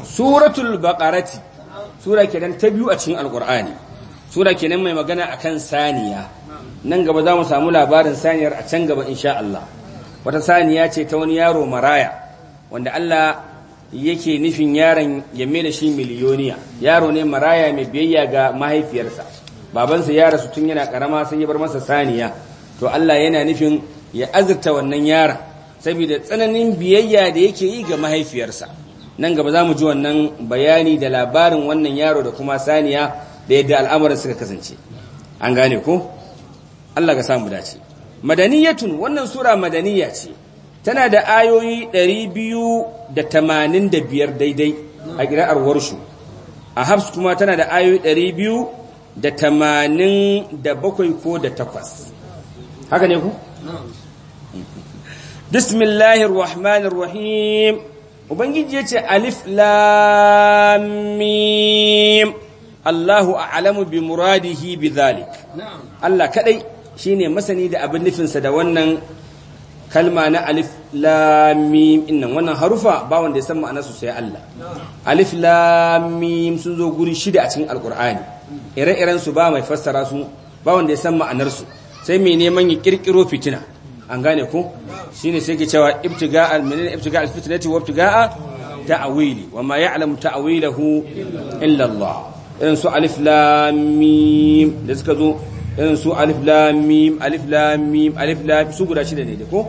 سورة البقرة سورة كده تبيو أتشين القرآن سورة كده ما يمغانا أكان ثانية nan gaba za mu samu labarin saniyar a can gaba insha Allah wata saniya ce ta wani yaro maraya wanda Allah yake nufin yaron ya da shi miliyoniya yaro ne maraya mai biyayya ga mahaifiyarsa babansa ya rasu tun yana karama sai ya bar masa saniya to Allah yana nufin ya azurta wannan yaron saboda tsananin biyayya da yake yi ga mahaifiyarsa nan gaba za mu ji wannan bayani da labarin wannan yaro da kuma saniya da yadda al'amuran suka kasance an gane ko Allah ka samu dace madaniyatun wannan sura madaniya ce tana da ayoyi 285 daidai a kira'ar warshu a habs kuma tana da ayoyi 287 ko da takwas haka ne ku bismillahir rahmanir rahim ubangiji yace alif lam mim Allahu a'lamu bi muradihi bi dhalik Allah kadai Shi ne masani da abin nufinsa da wannan kalma na alif lamim mim innan wannan harufa ba wanda ya san su sai Allah alif lamim sun zo guri shida a cikin alqur'ani ire-iren su ba mai fassara su ba wanda ya san su sai mai neman ya kirkiro fitina an gane ko shine sai ke cewa ibtiga'al minin ibtiga fitnati wa ibtiga ta'wili wa ma ya'lamu ta'wilahu illa Allah irin su alif lam da suka zo irin su alif lam alif lam alif lam su guda shida ne da ko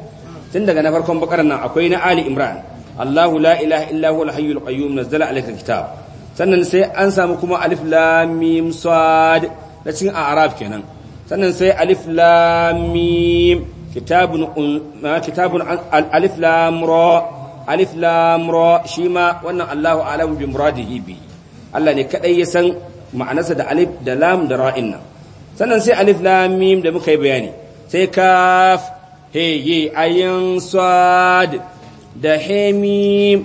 tun daga na farkon bakaran nan akwai na ali imran allahu la ilaha illa huwa al-hayyul qayyum nazzala alayka kitab sannan sai an samu kuma alif lam mim sad da cikin arab kenan sannan sai alif lam mim kitabun kitabun alif lam ra alif lam ra shi ma wannan allahu alamu bi muradihi bi Allah ne kadai ya san ma'anarsa da alif da lam da ra'in nan sannan sai alif la mim da muka yi bayani sai kaf he ye ayin sad da he mim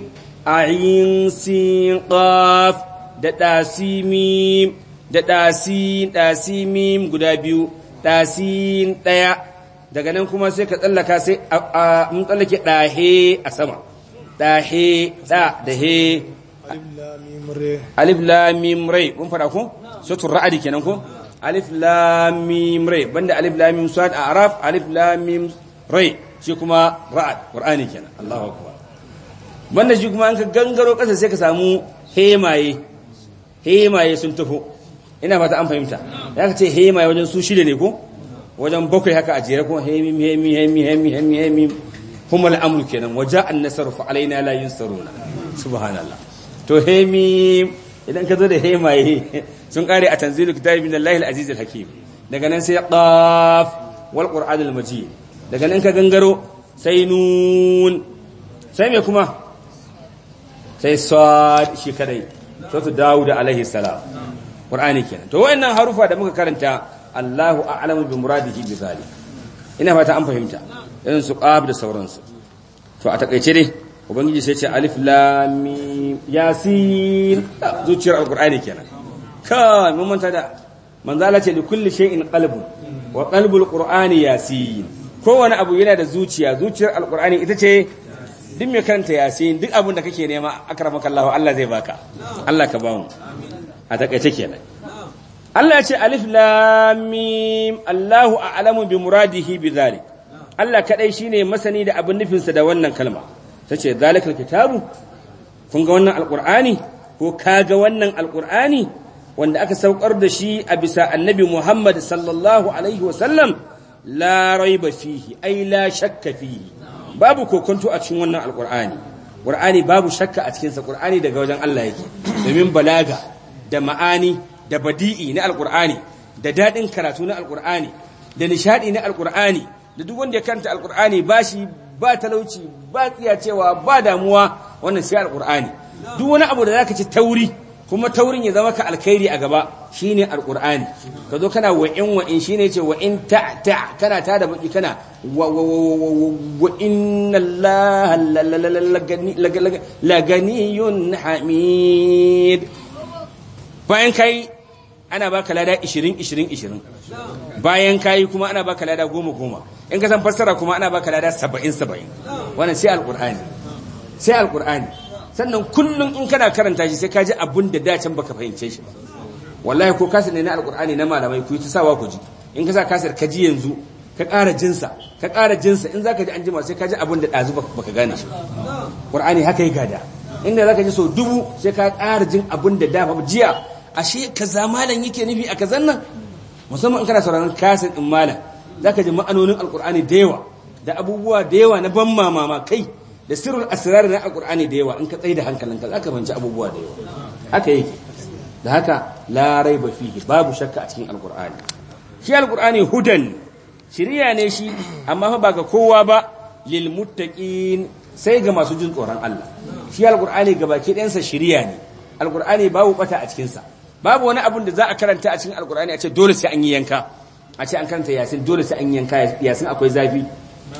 ayin sin qaf da tasimim da tasin tasimim guda biyu tasin daya daga nan kuma sai ka tsallaka sai mun tsallake dahe a sama dahe da da he alif la mim re mun fara ko sutur ra'adi kenan ko alif lam mim ra banda alif lam mim sad araf alif lam mim shi kuma ra'ad qur'ani kenan Allahu akbar banda shi kuma an ka gangaro kasa sai ka samu hemaye hemaye sun tafo ina fata an fahimta ya ka ce hemaye wajen su da ne ko wajen bakwai haka a jere ko hemim kuma kenan waja an nasaru fa alaina la yunsaruna subhanallah to idan ka zo da hemaye sun kare a tanzilu kitabi min Allahil azizil hakim daga nan sai qaf wal qur'anil majid daga nan ka gangaro sai nun sai me kuma sai sad shi kadai sautu daud alaihi salam qur'ani kenan to wayannan harufa da muka karanta Allahu a'lamu bi muradihi bi zalik ina fata an fahimta irin su qaf da sauransu to a takeice dai ubangiji sai ce alif lam mim yasin zuciyar alqur'ani kenan ka mun manta da manzala ce li kulli shay'in qalbun wa qalbul qur'ani yasin kowane abu yana da zuciya zuciyar alqur'ani ita ce duk mai karanta yasin duk abin da kake nema akramaka Allah Allah zai baka Allah ka bamu a takaice kenan Allah ya ce alif lam mim Allahu a'lamu bi muradihi bi dhalik Allah kadai shine masani da abin nufinsa da wannan kalma tace zalikal kitabu kun ga wannan Alƙur'ani? ko ka ga wannan Alƙur'ani? wanda aka saukar da shi a bisa annabi Muhammad sallallahu alaihi wasallam la raiba fihi ai la shakka fihi babu kokonto a cikin wannan Alƙur'ani. ƙur'ani babu shakka a cikin sa daga wajen Allah yake domin balaga da ma'ani da badi'i na Alƙur'ani da daɗin karatu na Alƙur'ani da nishaɗi na Alƙur'ani da duk wanda ya karanta ba bashi ba talauci ba tsiyacewa ba damuwa wannan sai alqur'ani duk wani abu da zaka ci tauri kuma taurin ya zama ka alkhairi a gaba shine alqur'ani kazo kana wa in wa in shine yace wa in ta ta kana ta da baki kana wa wa wa wa inna allaha laganiyun hamid bayan kai ana baka lada 20 20 20 bayan kayi kuma ana baka lada goma goma in ka san fassara kuma ana baka lada saba'in saba'in wannan sai alqur'ani sai alqur'ani sannan kullun in kana karanta shi sai ka ji abin da can baka fahimce shi wallahi ko kasir ne na alkur'ani na malamai ku yi ta sawa ku ji in ka sa kasir ka ji yanzu ka ƙara jinsa ka ƙara jinsa in zaka ji an jima sai ka ji abin da ɗazu baka gane shi qur'ani haka yi gada inda zaka ji so dubu sai ka ƙara jin abin da fa jiya ashe kaza malam yake nufi a kazan nan musamman in kana sauraron kasin din malam zaka ji ma'anonin alqur'ani da yawa da abubuwa da yawa na ban mamama kai da sirrul asrar na alqur'ani da yawa in ka tsaye da hankalinka zaka banci abubuwa da yawa haka yake da haka la raiba fihi babu shakka a cikin alqur'ani shi alqur'ani hudan shiriya ne shi amma fa ba ga kowa ba lil muttaqin sai ga masu jin tsoron Allah shi alqur'ani gabaki ɗayansa shiriya ne alqur'ani babu bata a cikin sa babu wani abun da za a karanta a cikin alkur'ani a ce dole sai an yi yanka a ce an karanta yasin dole sai an yi yanka yasin akwai zafi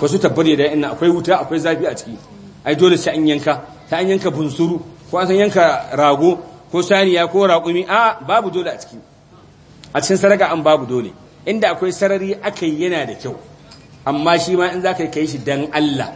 ko su tabbar da inna akwai wuta akwai zafi a ciki ai dole sai an yanka sai an yanka bunsuru ko an san yanka rago ko saniya ko raƙumi a babu dole a ciki a cikin saraka an babu dole inda akwai sarari aka yi yana da kyau amma shi ma in za ka yi shi dan Allah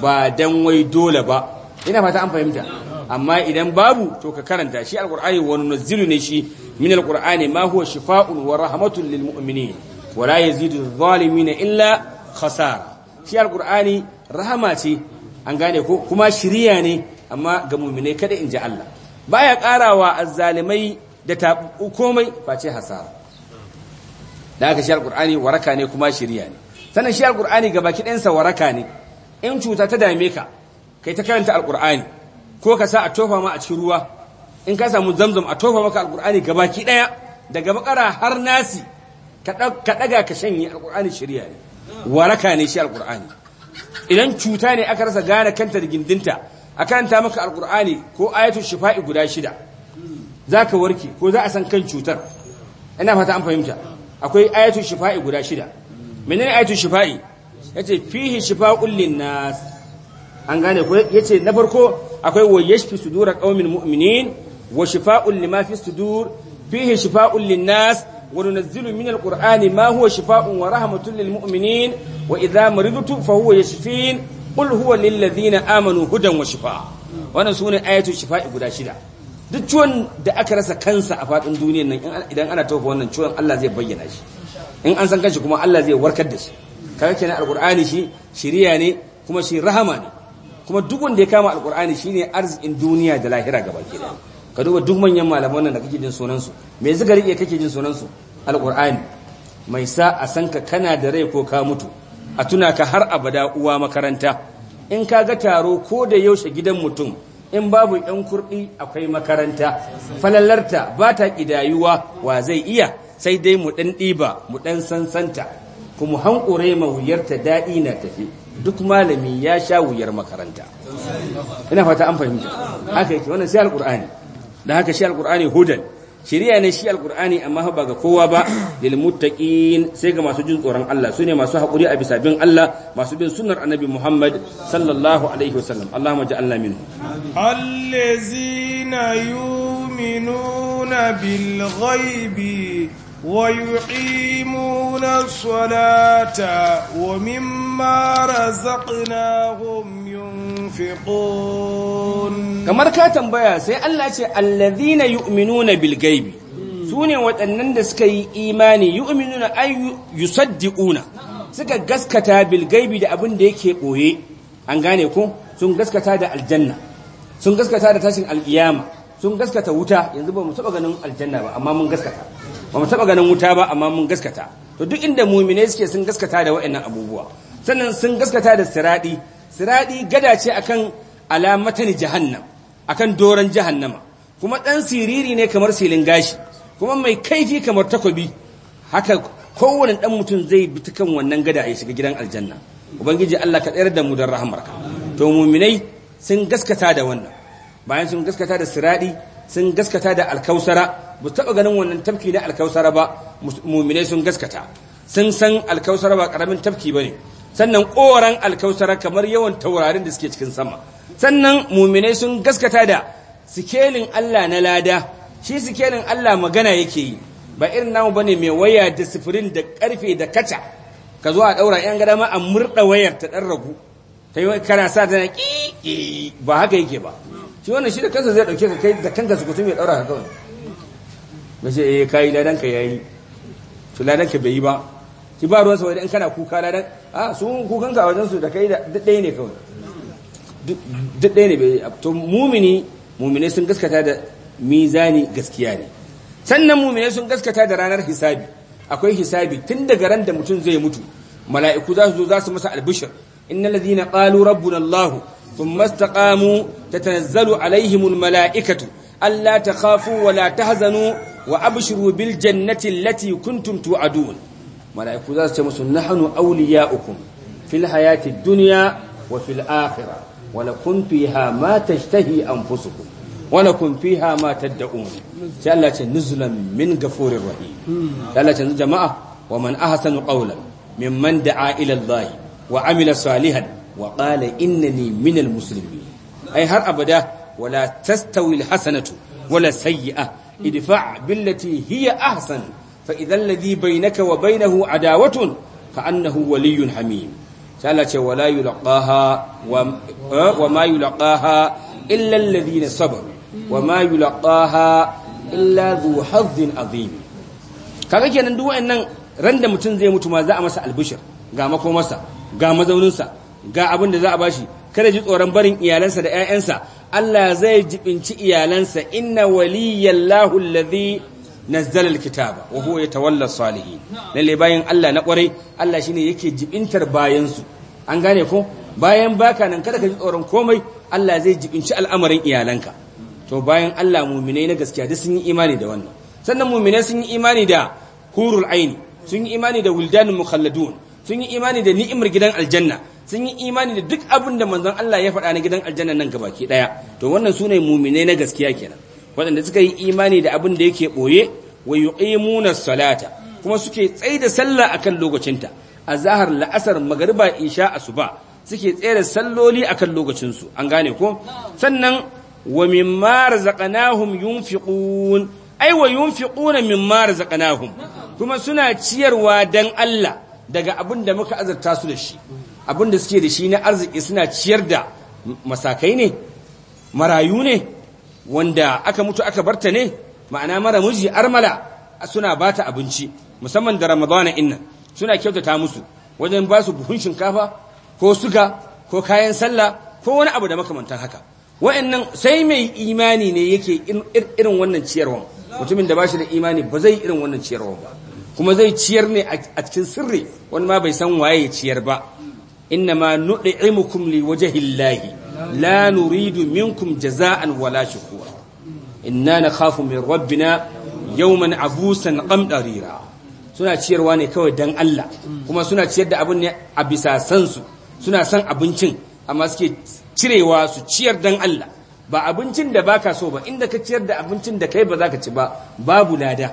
ba dan wai dole ba ina fata an fahimta amma idan babu to ka karanta shi alqur'ani wa nunzilu ne shi min alqur'ani ma huwa shifaa'un wa rahmatun lil mu'minin wa la yazidu adh-dhalimin illa khasara shi alqur'ani rahama ce an gane ko kuma shiriya ne amma ga mu'mine kada in ji Allah baya karawa az-zalimai da ta komai face hasara da aka shi alqur'ani waraka ne kuma shiriya ne sannan shi alqur'ani gabaki ɗayansa waraka ne in cuta ta dame ka kai ta karanta alqur'ani ko ka sa a tofa ma a cikin ruwa in ka samu zamzam a tofa maka alkur'ani gabaki ɗaya daga bakara har nasi ka ɗaga ka shanye alkur'ani shirya ne waraka ne shi alkur'ani idan cuta ne aka rasa gane kanta da gindinta a karanta maka alkur'ani ko ayatul shifa'i guda shida za ka warke ko za a san kan cutar ina fata an fahimta akwai ayatul shifa'i guda shida menene ayatul shifa'i yace fihi shifa'ul linnas an gane ko yace na farko akwai wa yashfi sudura qaumin mu'minin wa shifa'un lima fi sudur fihi shifa'un linnas wa nunazzilu min alqur'ani ma huwa shifa'un wa rahmatun lil mu'minin wa idha maridtu fa huwa yashfin qul huwa lil amanu hudan wa shifa' wannan sunan ayatu shifa'i guda shida duk ciwon da aka rasa kansa a faɗin duniyar nan idan ana taufa wannan ciwon Allah zai bayyana shi in an san kanshi kuma Allah zai warkar da shi kaga kenan alqur'ani shi shiriya ne kuma shi rahama ne kuma duk wanda ya kama alkur'ani shine arzikin duniya da lahira gaba ke da ka duba duk manyan malaman nan da kake jin sunan su me zuga rike kake jin sunan su alkur'ani mai sa a san ka kana da rai ko ka mutu a tuna ka har abada uwa makaranta in ka ga taro ko da yaushe gidan mutum in babu yan kurɗi akwai makaranta falalarta ba ta ƙidayuwa wa zai iya sai dai mu ɗan ɗiba mu ɗan sansanta kuma hankure mawuyarta daɗi na tafi duk malami ya sha wuyar makaranta ina fata an fahimta haka yake wannan sai alqur'ani dan haka shi alqur'ani hudan shiriya ne shi alqur'ani amma ba ga kowa ba lil muttaqin sai ga masu jin tsoron Allah sune masu hakuri a bisa bin Allah masu bin sunnar annabi Muhammad sallallahu alaihi wasallam Allahumma ja'alna minhum allazina yu'minuna bil ghaibi ويقيمون الصلاة ومما رزقناهم ينفقون kamar ka tambaya sai Allah ce alladhina yu'minuna bilgaibi, ghaibi sune waɗannan da suka yi imani yu'minuna ay yusaddiquna suka gaskata bil da abin da yake boye an gane ko sun gaskata da aljanna sun gaskata da tashin alkiyama sun gaskata wuta yanzu ba mu taba ganin aljanna ba amma mun gaskata ba mu taba ganin wuta ba amma mun gaskata to duk inda mu'minai suke sun gaskata da wa'annan abubuwa sannan sun gaskata da siradi siradi gada ce akan alamatan jahannam akan doran jahannama kuma dan siriri ne kamar silin gashi kuma mai kaifi kamar takobi haka kowane dan mutum zai bi ta kan wannan gada ya shiga gidan aljanna ubangiji Allah ka tsayar da mu don rahamarka to mu'minai sun gaskata da wannan bayan sun gaskata da siradi sun gaskata da alkausara ba taɓa ganin wannan tafki na alkausara ba muminai sun gaskata sun san alkausara ba ƙaramin tafki ba ne sannan ƙoran alkausara kamar yawan taurarin da suke cikin sama sannan muminai sun gaskata da sikelin Allah na lada shi sikelin Allah magana yake yi ba irin namu bane mai waya da sifirin da karfe da kaca ka zo a daura yan gada ma a murda wayar ta dan ragu ta yi kana sa tana ki ba haka yake ba shi wannan shi da kansa zai dauke ka kai da kanka su kutum ya daura ka kawai na ce eh kayi ladan ka yayi to ladan ka bai yi ba ki ba ruwansa wani in kana kuka ladan ah, a su kukan ka a wajen su da kai da ɗaya ne kawai duk ɗaya ne bai to mumini mumini sun gaskata da mizani gaskiya ne sannan mumini sun gaskata da ranar hisabi akwai hisabi tun daga ran da mutum zai mutu mala'iku za su zo za su masa albishir innal ladina qalu rabbuna allah thumma istaqamu tatanazzalu alaihimul mala'ikatu ta takhafu wa la tahzanu wa abshiru bil jannati allati kuntum tu'adun malaiku za su ce musu nahnu awliya'ukum fil hayati dunya wa fil akhirah wa lakum fiha ma tashtahi anfusukum wa lakum fiha ma tad'un sai Allah ce nuzulan min ghafurir rahim Allah ce jama'a wa man ahsanu qawlan mimman da'a ila Allah wa amila salihan wa qala innani minal muslimin ai har abada wala tastawi alhasanatu wala sayyi'a idfa' billati hiya ahsan fa idhal ladhi bainaka wa bainahu adawatun ka annahu waliyyun hamim sai Allah ce wala yulqaha wa ma yulqaha illa alladhina sabaru wa ma yulqaha illa dhu hazzin azim kaga kenan duk wayannan randa mutum zai mutu ma za a masa albishir ga masa ga mazauninsa ga abin da za a bashi kada ji tsoron barin iyalansa da 'ya'yansa Allah zai jibinci iyalansa inna waliyallahu alladhi nazzala alkitaba wa huwa yatawalla salihin lalle bayan Allah na kwarai Allah shine yake jibintar bayansu an gane ko bayan baka nan kada ka ji tsoron komai Allah zai jibinci al'amarin iyalanka to bayan Allah mu'minai na gaskiya duk sun yi imani da wannan sannan mu'minai sun yi imani da hurul aini sun yi imani da wildanul mukhalladun sun yi imani da ni'imar gidan aljanna sun yi imani da duk abin da manzon Allah ya faɗa na gidan aljanna nan gabaki ɗaya, to wannan sune mu'minai na gaskiya kenan waɗanda suka yi imani da abin da yake boye wa yuqimuna salata kuma suke tsaida sallah akan lokacinta azhar la'asar magriba isha asuba suke tsere salloli akan lokacin su an gane ko sannan wa mimma razaqnahum yunfiqun ai wa yunfiquna mimma razaqnahum kuma suna ciyarwa dan Allah daga abin da muka azurta su da shi abin da suke da shi na arziki suna ciyar da masakai ne marayu ne wanda aka mutu aka barta ne ma'ana mara miji armala suna bata abinci musamman da ramadana inna suna kyautata musu wajen ba su buhun shinkafa ko suga ko kayan sallah ko wani abu da makamantan haka wa'annan sai mai imani ne yake irin wannan ciyarwa mutumin da ba shi da imani ba zai irin wannan ciyarwa ba kuma zai ciyar ne a cikin sirri wani ma bai san waye ciyar ba innama nud'imukum liwajhillahi la nuridu minkum an wala shukura inna nakhafu min rabbina yawman abusan qamdarira suna ciyarwa ne kawai dan Allah kuma suna ciyar da abun ne a bisa sansu suna san abincin amma suke cirewa su ciyar dan Allah ba abincin da baka so ba inda ka ciyar da abincin da kai ba za ka ci ba babu lada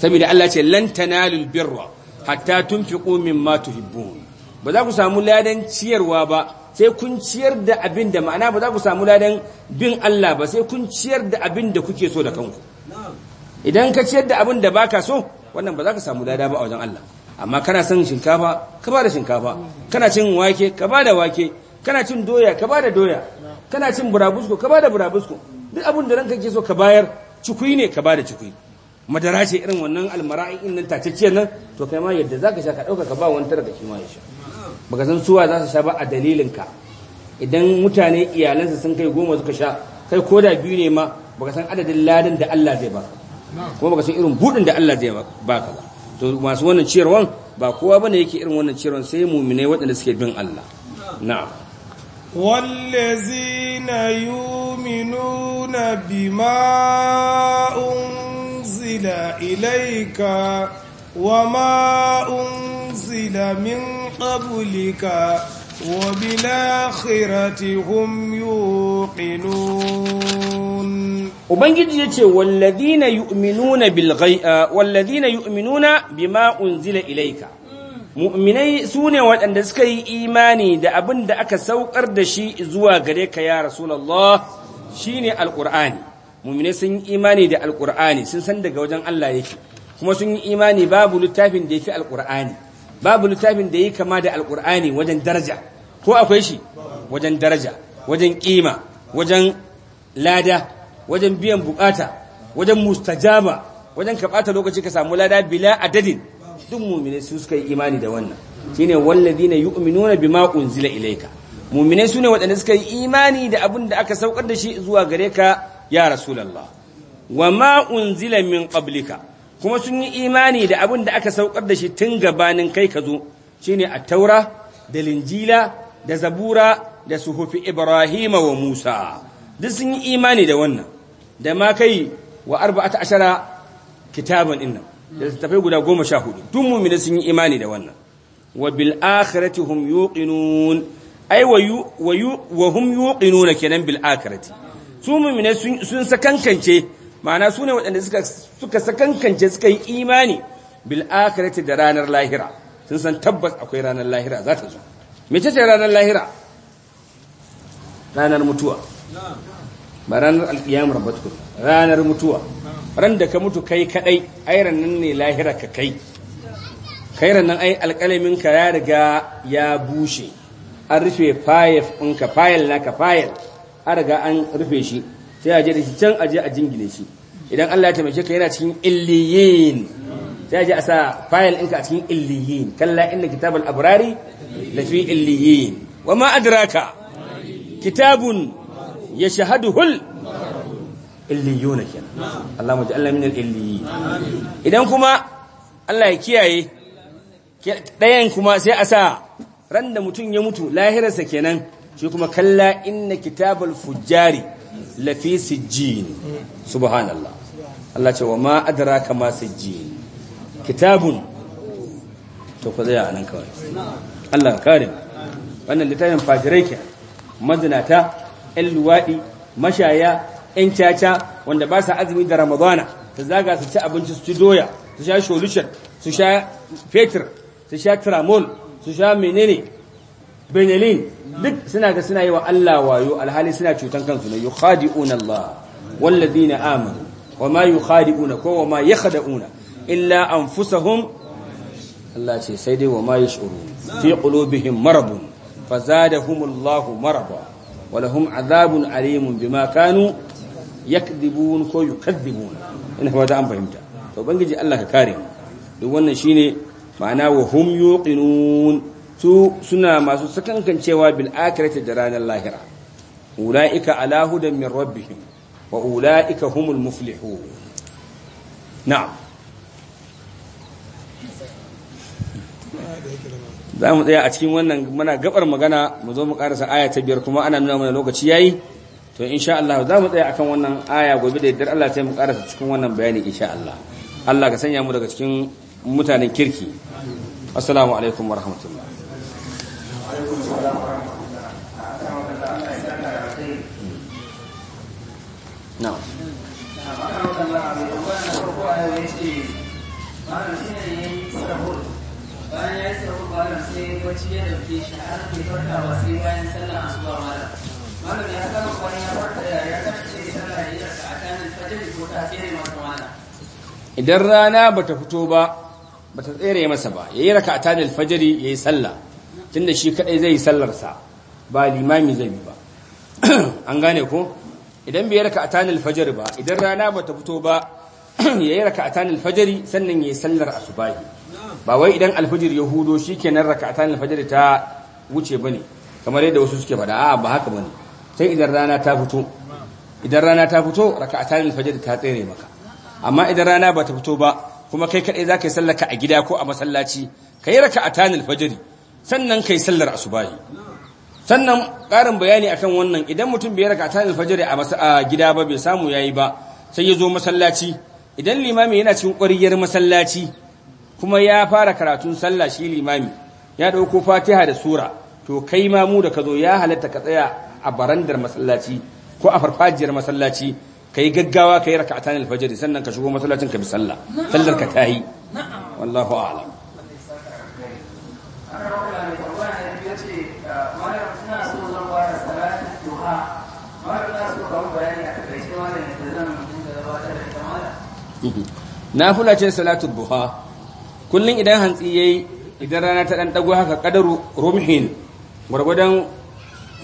saboda Allah ce lan tanalul birra hatta tunfiqu mimma tuhibbun ba za ku samu ladan ciyarwa ba sai kun ciyar da abin da ma'ana ba za ku samu ladan bin Allah ba sai kun ciyar da abin da kuke so da kanku idan ka ciyar da abin da baka so wannan ba za ka samu lada ba a wajen Allah amma kana son shinkafa ka ba da shinkafa kana cin wake ka ba da wake kana cin doya ka ba da doya kana cin burabusko ka ba da burabusko duk abin da ranka ke so ka bayar cikui ne ka ba da cikui madara ce irin wannan almara'in nan tacacciyar nan to kai ma yadda zaka sha ka dauka ka ba wani tara shi ma ya sha baka san suwa za su sha ba a dalilinka idan mutane iyalansa sun kai goma suka sha kai ko da biyu ne ma baka san adadin ladin da Allah zai baka kuma baka san irin budin da Allah zai baka ba to masu wannan ciyarwan ba kowa bane yake irin wannan ciyarwan sai mu'minai waɗanda suke bin Allah na'am wallazina yu'minuna bima unzila ilayka wama unzila أنزل من قبلك وبالآخرة هم يوقنون Ubangiji ya ce, Wallazina yu'minuna bilghai'a, wallazina yu'minuna bima unzila ilaika. Mu'minai sune ne waɗanda suka yi imani da abin da aka saukar da shi zuwa gare ka ya Rasulallah shine ne Mu'minai sun yi imani da Al'ur'ani, sun san daga wajen Allah yake, kuma sun yi imani babu littafin da ya fi babu littafin da yi kama da alkur'ani wajen daraja ko akwai shi wajen daraja wajen ƙima, wajen lada wajen biyan bukata wajen mustajaba wajen kaɓata lokaci ka samu lada bila adadin duk Muminai su suka yi imani da wannan shine na yu'minuna bima unzila Muminai su sune waɗanda suka yi imani da abin da aka saukar da shi zuwa gare ka ya rasulullah wa ma unzila min qablika kuma sun yi imani da abin da aka saukar da shi tun gabanin kai ka zo shine at-taura da linjila da zabura da suhufi ibrahima wa musa duk sun yi imani da wannan da ma kai wa arba'ata ashara kitaban innan da tafai guda goma sha hudu duk mummina sun yi imani da wannan wa bil akhirati hum yuqinun ai wa hum yuqinuna kenan bil akhirati su mummina sun sakankance ma'ana su ne waɗanda suka sakankance suka yi imani bil da ranar lahira sun san tabbas akwai ranar lahira za ta zo mece ce ranar lahira ranar mutuwa ba ranar alkiyamar ba ranar mutuwa ran da ka mutu kai kaɗai airan nan ne lahira ka kai kai nan ai alƙalamin ka ya riga ya bushe an rufe fayil ɗinka fayil naka fayil an riga an rufe shi sai a je da shi can a je a jingine shi idan Allah ya taimake ka yana cikin illiyin sai a je a sa fayil ɗinka a cikin illiyin kalla inna kitabal abrari lafi illiyin wa ma adraka kitabun yashhaduhul illiyuna kenan Allah mu ji Allah min illiyin idan kuma Allah ya kiyaye ɗayan kuma sai a sa ran da mutum ya mutu lahirarsa kenan shi kuma kalla inna kitabal fujjari lafi sijjin subhanallah Allah ce wa ma adraka ma sijjin kitabun to ku zai anan kawai Allah kare wannan littafin fajirai ke mazinata ƴan luwaɗi mashaya ƴan caca wanda ba su azumi da ramadana ta zaga su ci abinci su ci doya su sha sholushan su sha fetur su sha tramol su sha menene benelin duk suna ga suna yi wa Allah wayo alhali suna cutan kansu ne yukhadi'una Allah walladhina amanu wama yukhadi'una ko wama yakhda'una illa anfusahum Allah ce sai dai wama yash'urun fi qulubihim marabun fazadahumullahu maraba walahum adhabun alimun bima kanu yakdibun ko yukadhibun ina ba da an fahimta to bangiji Allah ka kare mu duk wannan shine ma'ana wa hum yuqinun su suna masu sakankancewa bil akhirati da ranar lahira ulaika ala hudan min rabbihim wa ulaika humul muflihun na'am za mu tsaya a cikin wannan mana gabar magana mu zo mu karasa aya ta biyar kuma ana nuna mana lokaci yayi to insha Allah za mu tsaya akan wannan aya gobe da yaddar Allah sai mu karasa cikin wannan bayani insha Allah Allah ka sanya mu daga cikin mutanen kirki assalamu alaikum warahmatullahi idan rana bata fito ba bata tsere masa ba yayi raka a tanil ya yayi sallah tunda shi kadai zai sallar sa ba limami zai ba an gane ko idan bai raka atanil fajr ba idan rana bata fito ba yayi raka atanil fajr sannan yayi sallar asubahi ba wai idan alfajir ya hudo shikenan raka atanil fajr ta wuce bane kamar yadda wasu suke faɗa a ba haka bane sai idan rana ta fito idan rana ta fito raka ta tsere maka amma idan rana bata fito ba kuma kai kadai zaka yi sallaka a gida ko a masallaci kai raka atanil fajari. sannan kai sallar asubahi sannan ƙarin bayani akan wannan idan mutum bai raka ta alfajiri a gida ba bai samu yayi ba sai ya zo masallaci idan limami yana cikin ƙwariyar masallaci kuma ya fara karatun sallah shi limami ya dauko fatiha da sura to kai ma mu da ka zo ya halatta ka tsaya a barandar masallaci ko a farfajiyar masallaci kai gaggawa kai raka'atan alfajiri sannan ka shigo masallacin ka bi sallah sallar ka tahi wallahu a'lam na salatu buha kullum idan hantsi yi idan rana ta dan haka kadaru rumhin gwargwadon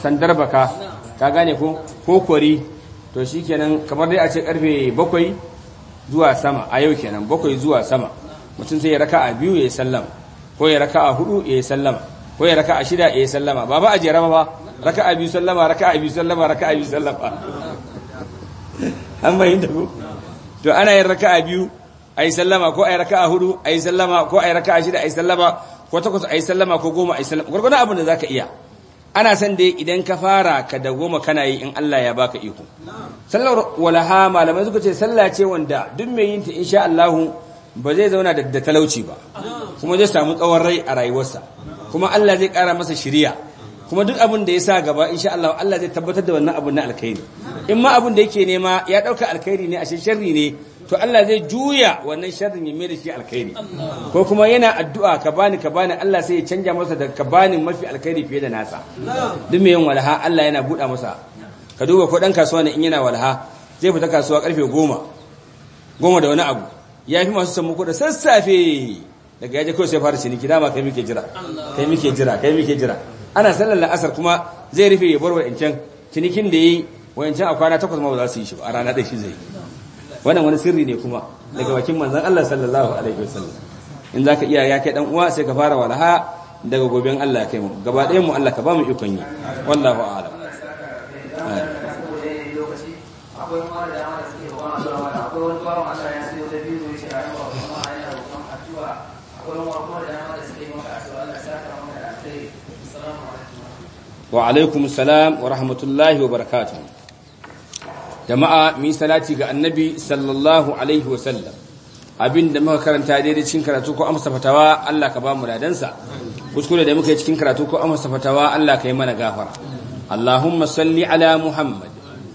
sandar baka ka gane ko kwari to shi kenan kamar dai a ce karfe bakwai zuwa sama a yau kenan bakwai zuwa sama mutum sai ya raka a biyu ya yi sallama ko ya raka a hudu ya yi sallama ko ya raka a shida ya yi sallama ba ba a jera ba raka a biyu sallama raka a biyu sallama raka a biyu sallama an bayyana ko to ana yin raka a biyu a yi sallama ko a raka a hudu a yi sallama ko a raka a shida a yi sallama ko takwas yi sallama ko goma a yi sallama gurgurdan abin da zaka iya ana san dai idan ka fara ka da goma kana yi in Allah ya baka iko sallar walaha malamai suka ce sallah ce wanda duk mai yin ta insha allahu. ba zai zauna da talauci ba kuma zai samu tsawon rai a rayuwarsa kuma Allah zai kara masa shiriya kuma duk abin da ya sa gaba insha Allah Allah zai tabbatar da wannan abin na alkhairi in ma abin da yake nema ya dauka alkhairi ne ashe sharri ne to Allah zai juya wannan sharrin ya mai da shi alkhairi ko kuma yana addu'a ka bani ka bani Allah sai ya canja masa da ka bani mafi alkhairi fiye da nasa duk mai yin walha Allah yana buɗa masa ka duba ko dan kasuwa ne in yana walha zai fita kasuwa karfe 10 goma da wani abu ya fi masu sammuku da sassafe daga yaje kawai sai fara ciniki dama kai muke jira kai muke jira kai muke jira ana sallar la'asar kuma zai rufe ya bar wa'ancan cinikin da yi wa'ancan a kwana takwas ma ba za su yi shi ba a rana ɗaya shi zai wannan wani sirri ne kuma daga bakin manzon Allah sallallahu alaihi wasallam in zaka iya ya kai dan uwa sai ka fara walaha daga goben Allah kai mu gaba ɗayan mu Allah ka ba mu ikon yi wallahu a'lam akwai mara da akwai wani Allah wa alaikum salam wa rahmatullahi wa barakatuh jama'a mu salati ga annabi sallallahu alaihi wa sallam abinda muka karanta daidai cikin karatu ko amsa fatawa Allah ka ba mu ladansa kuskure da muka yi cikin karatu ko amsa fatawa Allah ka yi mana gafara Allahumma salli ala Muhammad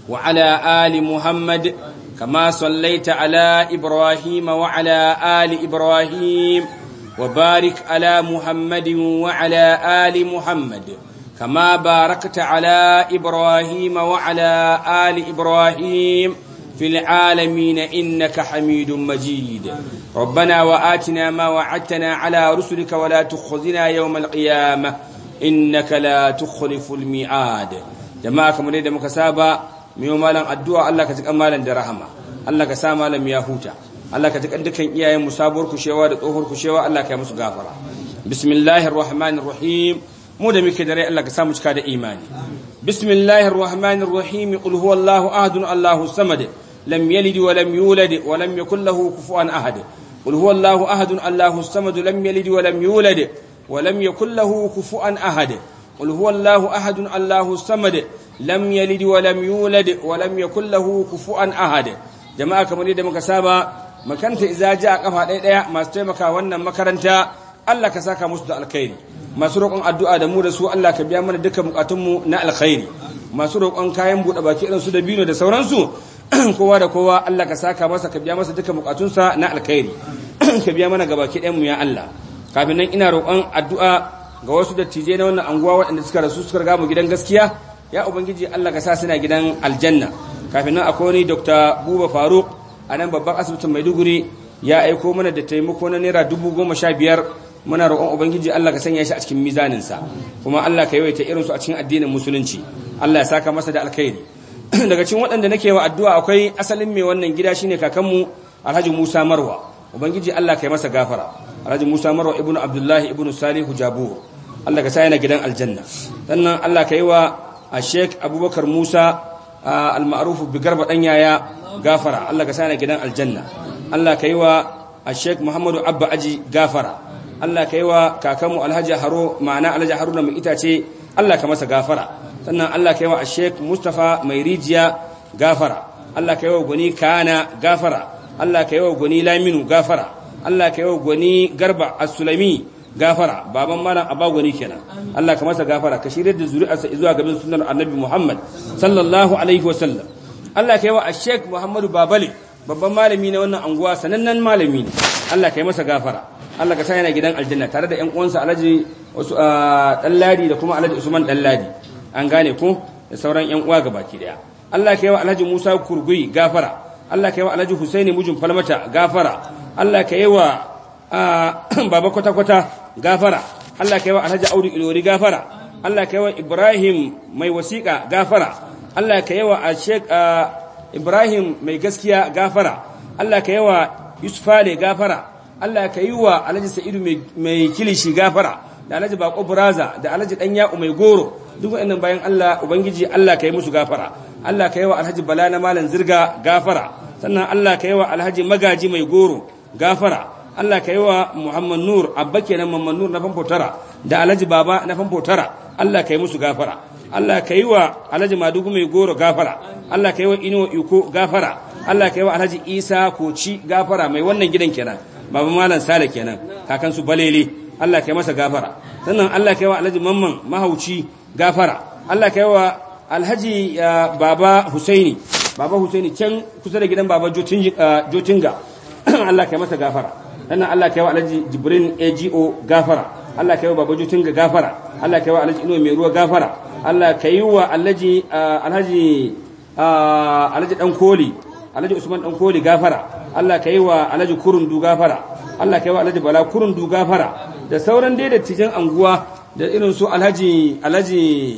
wa ala ali Muhammad kama sallaita ala Ibrahim wa ala ali Ibrahim wa barik ala Muhammadin wa ala ali Muhammad كما باركت على إبراهيم وعلى آل إبراهيم في العالمين إنك حميد مجيد ربنا وآتنا ما وعدتنا على رسلك ولا تخزنا يوم القيامة إنك لا تخلف الميعاد جماعة كمالي دا مكسابة ميو مالا الدعاء الله كتك أمالا درهما الله كساما لم يهوتا الله كتك أندك إياه مسابور كشيوا دطوهر كشيوا الله كمس غافرة بسم الله الرحمن الرحيم mu da muke dare Allah ka samu cika da imani bismillahir rahmanir rahim qul huwallahu ahadun allahu samad lam yalid wa lam yulad wa lam yakul lahu kufuwan ahad qul huwallahu ahadun allahu samad lam yalid wa lam yulad wa lam yakul lahu kufuwan ahad قل هو الله أحد الله الصمد لم يلد ولم يولد ولم يكن له كفوا أحد jama'a كما نيدا muka saba makanta iza ja kafa ɗaya ɗaya masu taimaka wannan makaranta Allah ka saka musu da alkhairi masu roƙon addu'a da mu da su Allah ka biya mana duka bukatunmu na alkhairi masu roƙon kayan buɗe baki irinsu da bino da sauransu kowa da kowa Allah ka saka masa ka biya masa duka bukatunsa na alkhairi ka biya mana ga baki mu ya Allah kafin nan ina roƙon addu'a ga wasu dattijai na wannan anguwa waɗanda suka rasu suka riga mu gidan gaskiya ya ubangiji Allah ka sa suna gidan aljanna kafin nan akwai wani dokta Buba Faruk a nan babban asibitin Maiduguri ya aiko mana da taimako na naira dubu goma sha biyar muna roƙon ubangiji Allah ka sanya shi a cikin mizaninsa kuma Allah ka yawaita irinsu a cikin addinin musulunci Allah ya saka masa da alkhairi daga cikin waɗanda nake wa addu'a akwai asalin mai wannan gida shine kakanmu Alhaji Musa Marwa ubangiji Allah ka yi masa gafara Alhaji Musa Marwa ibnu Abdullahi ibnu Salihu Jabu Allah ka sa yana gidan aljanna sannan Allah ka yi wa Sheikh Abubakar Musa al-ma'ruf bi garba dan yaya gafara Allah ka sa yana gidan aljanna Allah ka yi wa Sheikh Muhammadu Abba Aji gafara Allah ka yi wa kakanmu alhaji haro ma'ana alhaji haruna mai itace Allah ka masa gafara sannan Allah ka yi wa ashek mustapha mai rijiya gafara Allah ka yi wa gwani kana gafara Allah ka yi wa gwani laminu gafara Allah ka yi wa gwani garba asulami sulami gafara baban malam abagwani kenan Allah ka masa gafara ka shirya da zuri'arsa zuwa gabin sunan annabi Muhammad sallallahu alaihi wasallam Allah ka yi wa ashek Muhammadu Babale babban malami na wannan anguwa sanannen malami ne Allah ka yi masa gafara Allah ka sa yana gidan aljanna tare da ƴan uwansa Alhaji wasu Dalladi ah, da kuma Alhaji Usman Dalladi an gane ko da sauran ƴan uwa gabaki daya Allah ka yi wa Alhaji Musa Kurgui gafara Allah ka yi wa Alhaji Husaini Mujin Falmata gafara Allah ka yi wa ah, Baba Kwata Kwata gafara Allah ka yi wa Alhaji Audu Ilori gafara Allah ka yi wa Ibrahim mai wasiƙa gafara Allah ka yi wa ah, Ibrahim mai gaskiya gafara Allah ka yi wa Yusufale gafara Allah ka yi wa Alhaji Sa'idu mai kilishi gafara da Alhaji Bako Buraza da Alhaji Danya'u mai goro duk waɗannan bayan Allah ubangiji Allah ka yi musu gafara Allah ka yi wa Alhaji Bala na Malam Zirga gafara sannan Allah ka yi wa Alhaji Magaji mai goro gafara Allah ka yi wa Muhammad Nur Abba kenan Muhammad Nur na Famfotara da Alhaji Baba na Famfotara Allah ka yi musu gafara Allah ka yi wa Alhaji Madugu mai goro gafara, Allah ka yi wa Inuwa Iko gafara, Allah ka yi wa Alhaji Isa Koci gafara mai wannan gidan kenan. baban malam sale kenan kakan su balele Allah kai masa gafara sannan Allah kai wa alhaji mamman mahauci gafara Allah kai wa alhaji baba husaini baba husaini can kusa da gidan baba eh, jotinga Allah kai masa gafara sannan Allah kai wa alhaji jibrin ago gafara Allah kai wa baba jotinga gafara Allah kai wa alhaji ino mai ruwa gafara Allah kai wa alhaji eh, alhaji eh, alhaji dan koli alhaji usman dan koli gafara Allah ka yi wa alhaji kurun du gafara Allah ka yi wa alhaji bala kurun du gafara da sauran dai cikin anguwa da irin su alhaji alhaji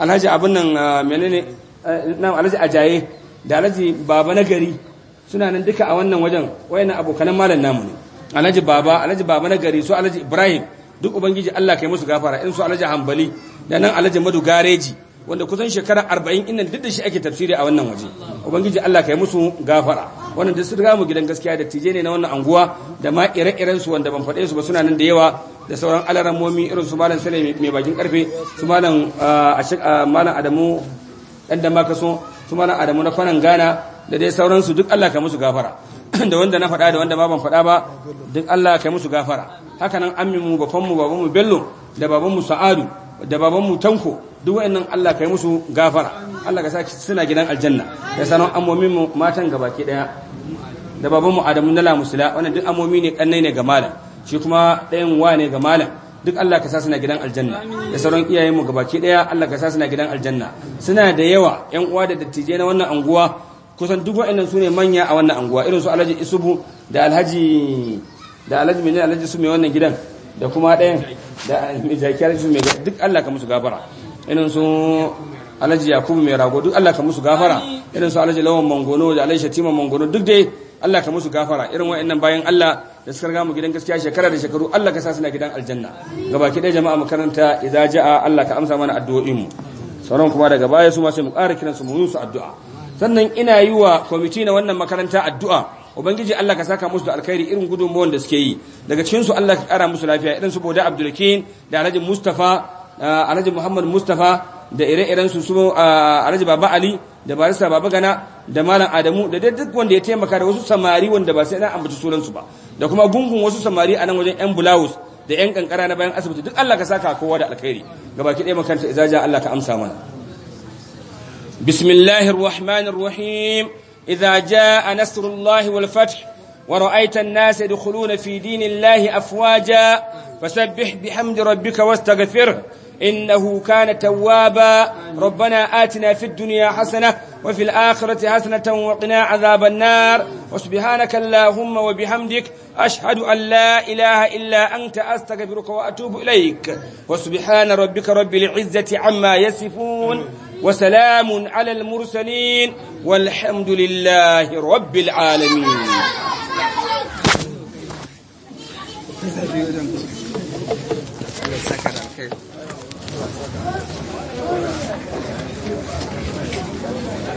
alhaji abin nan ah, menene eh, nan alhaji ajaye da alhaji baba na gari suna nan duka a wannan wajen wayannan abokan malam namu ne alhaji baba alhaji baba na gari su alhaji ibrahim duk ubangiji Allah ka yi musu gafara in su alhaji hambali da nan alhaji madu gareji wanda kusan shekara arba'in innan duk da shi ake tafsiri a wannan waje ubangiji Allah kai musu gafara wannan duk sun mu gidan gaskiya da tije ne na wannan anguwa da ma ire-iren su wanda ban faɗe su ba suna nan da yawa da sauran momi irin su malam sale mai bakin karfe su malam ah, ah, malam adamu dan da so su malam adamu na fannin gana da dai sauransu duk Allah kai musu gafara da wanda na faɗa da wanda ma ban faɗa ba duk Allah kai musu gafara haka nan amminmu babanmu babanmu bello da babanmu sa'adu da babanmu tanko duk wa'annan Allah ka yi musu gafara Allah ka sa suna gidan aljanna da sanan amomin mu matan gabaki daya da babanmu Adamu na lamusila wannan duk amomi ne kannai ne ga malam shi kuma ɗayan wa ne ga malam duk Allah ka sa suna gidan aljanna da sauran iyayen mu gabaki daya Allah ka sa suna gidan aljanna suna da yawa yan uwa da dattijai na wannan anguwa kusan duk wa'annan sune manya a wannan anguwa irin su Alhaji Isubu da Alhaji da Alhaji Mene Alhaji su mai wannan gidan da kuma ɗayan da mai jakiyar su mai duk Allah ka musu gafara irin su alhaji yakubu mai rago duk Allah ka musu gafara irin su alhaji lawan mangono da alhaji shatima mangono duk dai Allah ka musu gafara irin wa'annan bayan Allah da suka gamu gidan gaskiya shekara da shekaru Allah ka sa suna gidan aljanna gabaki dai jama'a makaranta idza jaa Allah ka amsa mana addu'o'in mu sauran kuma daga baya su ma sai mu ƙara kiran su mu yi su addu'a sannan ina yi wa kwamiti na wannan makaranta addu'a ubangiji Allah ka saka musu da alkhairi irin gudunmuwan da suke yi daga cikin su Allah ka ƙara musu lafiya irin su Boda Abdulkin da Alhaji Mustafa Ah, alhaji muhammad mustafa da ire-iren su su ah, alhaji baba ali da barista baba gana da malam adamu da duk wanda ya taimaka da wasu samari wanda ba sai na ambaci sunansu ba da kuma gungun wasu samari a nan wajen yan bulawus da yan kankara na bayan asibiti duk Allah ka saka kowa da alkhairi gabaki ɗaya makanta izaja Allah ka amsa mana bismillahir rahmanir rahim idza jaa nasrullahi wal fath wa ra'aita an-nas yadkhuluna fi dinillahi afwaja fasabbih bihamdi rabbika wastaghfirhu إنه كان توابا ربنا آتنا في الدنيا حسنة وفي الآخرة حسنة وقنا عذاب النار وسبحانك اللهم وبحمدك أشهد أن لا إله إلا أنت أستغفرك وأتوب إليك وسبحان ربك رب العزة عما يصفون وسلام على المرسلين والحمد لله رب العالمين Gracias. Продолжение следует...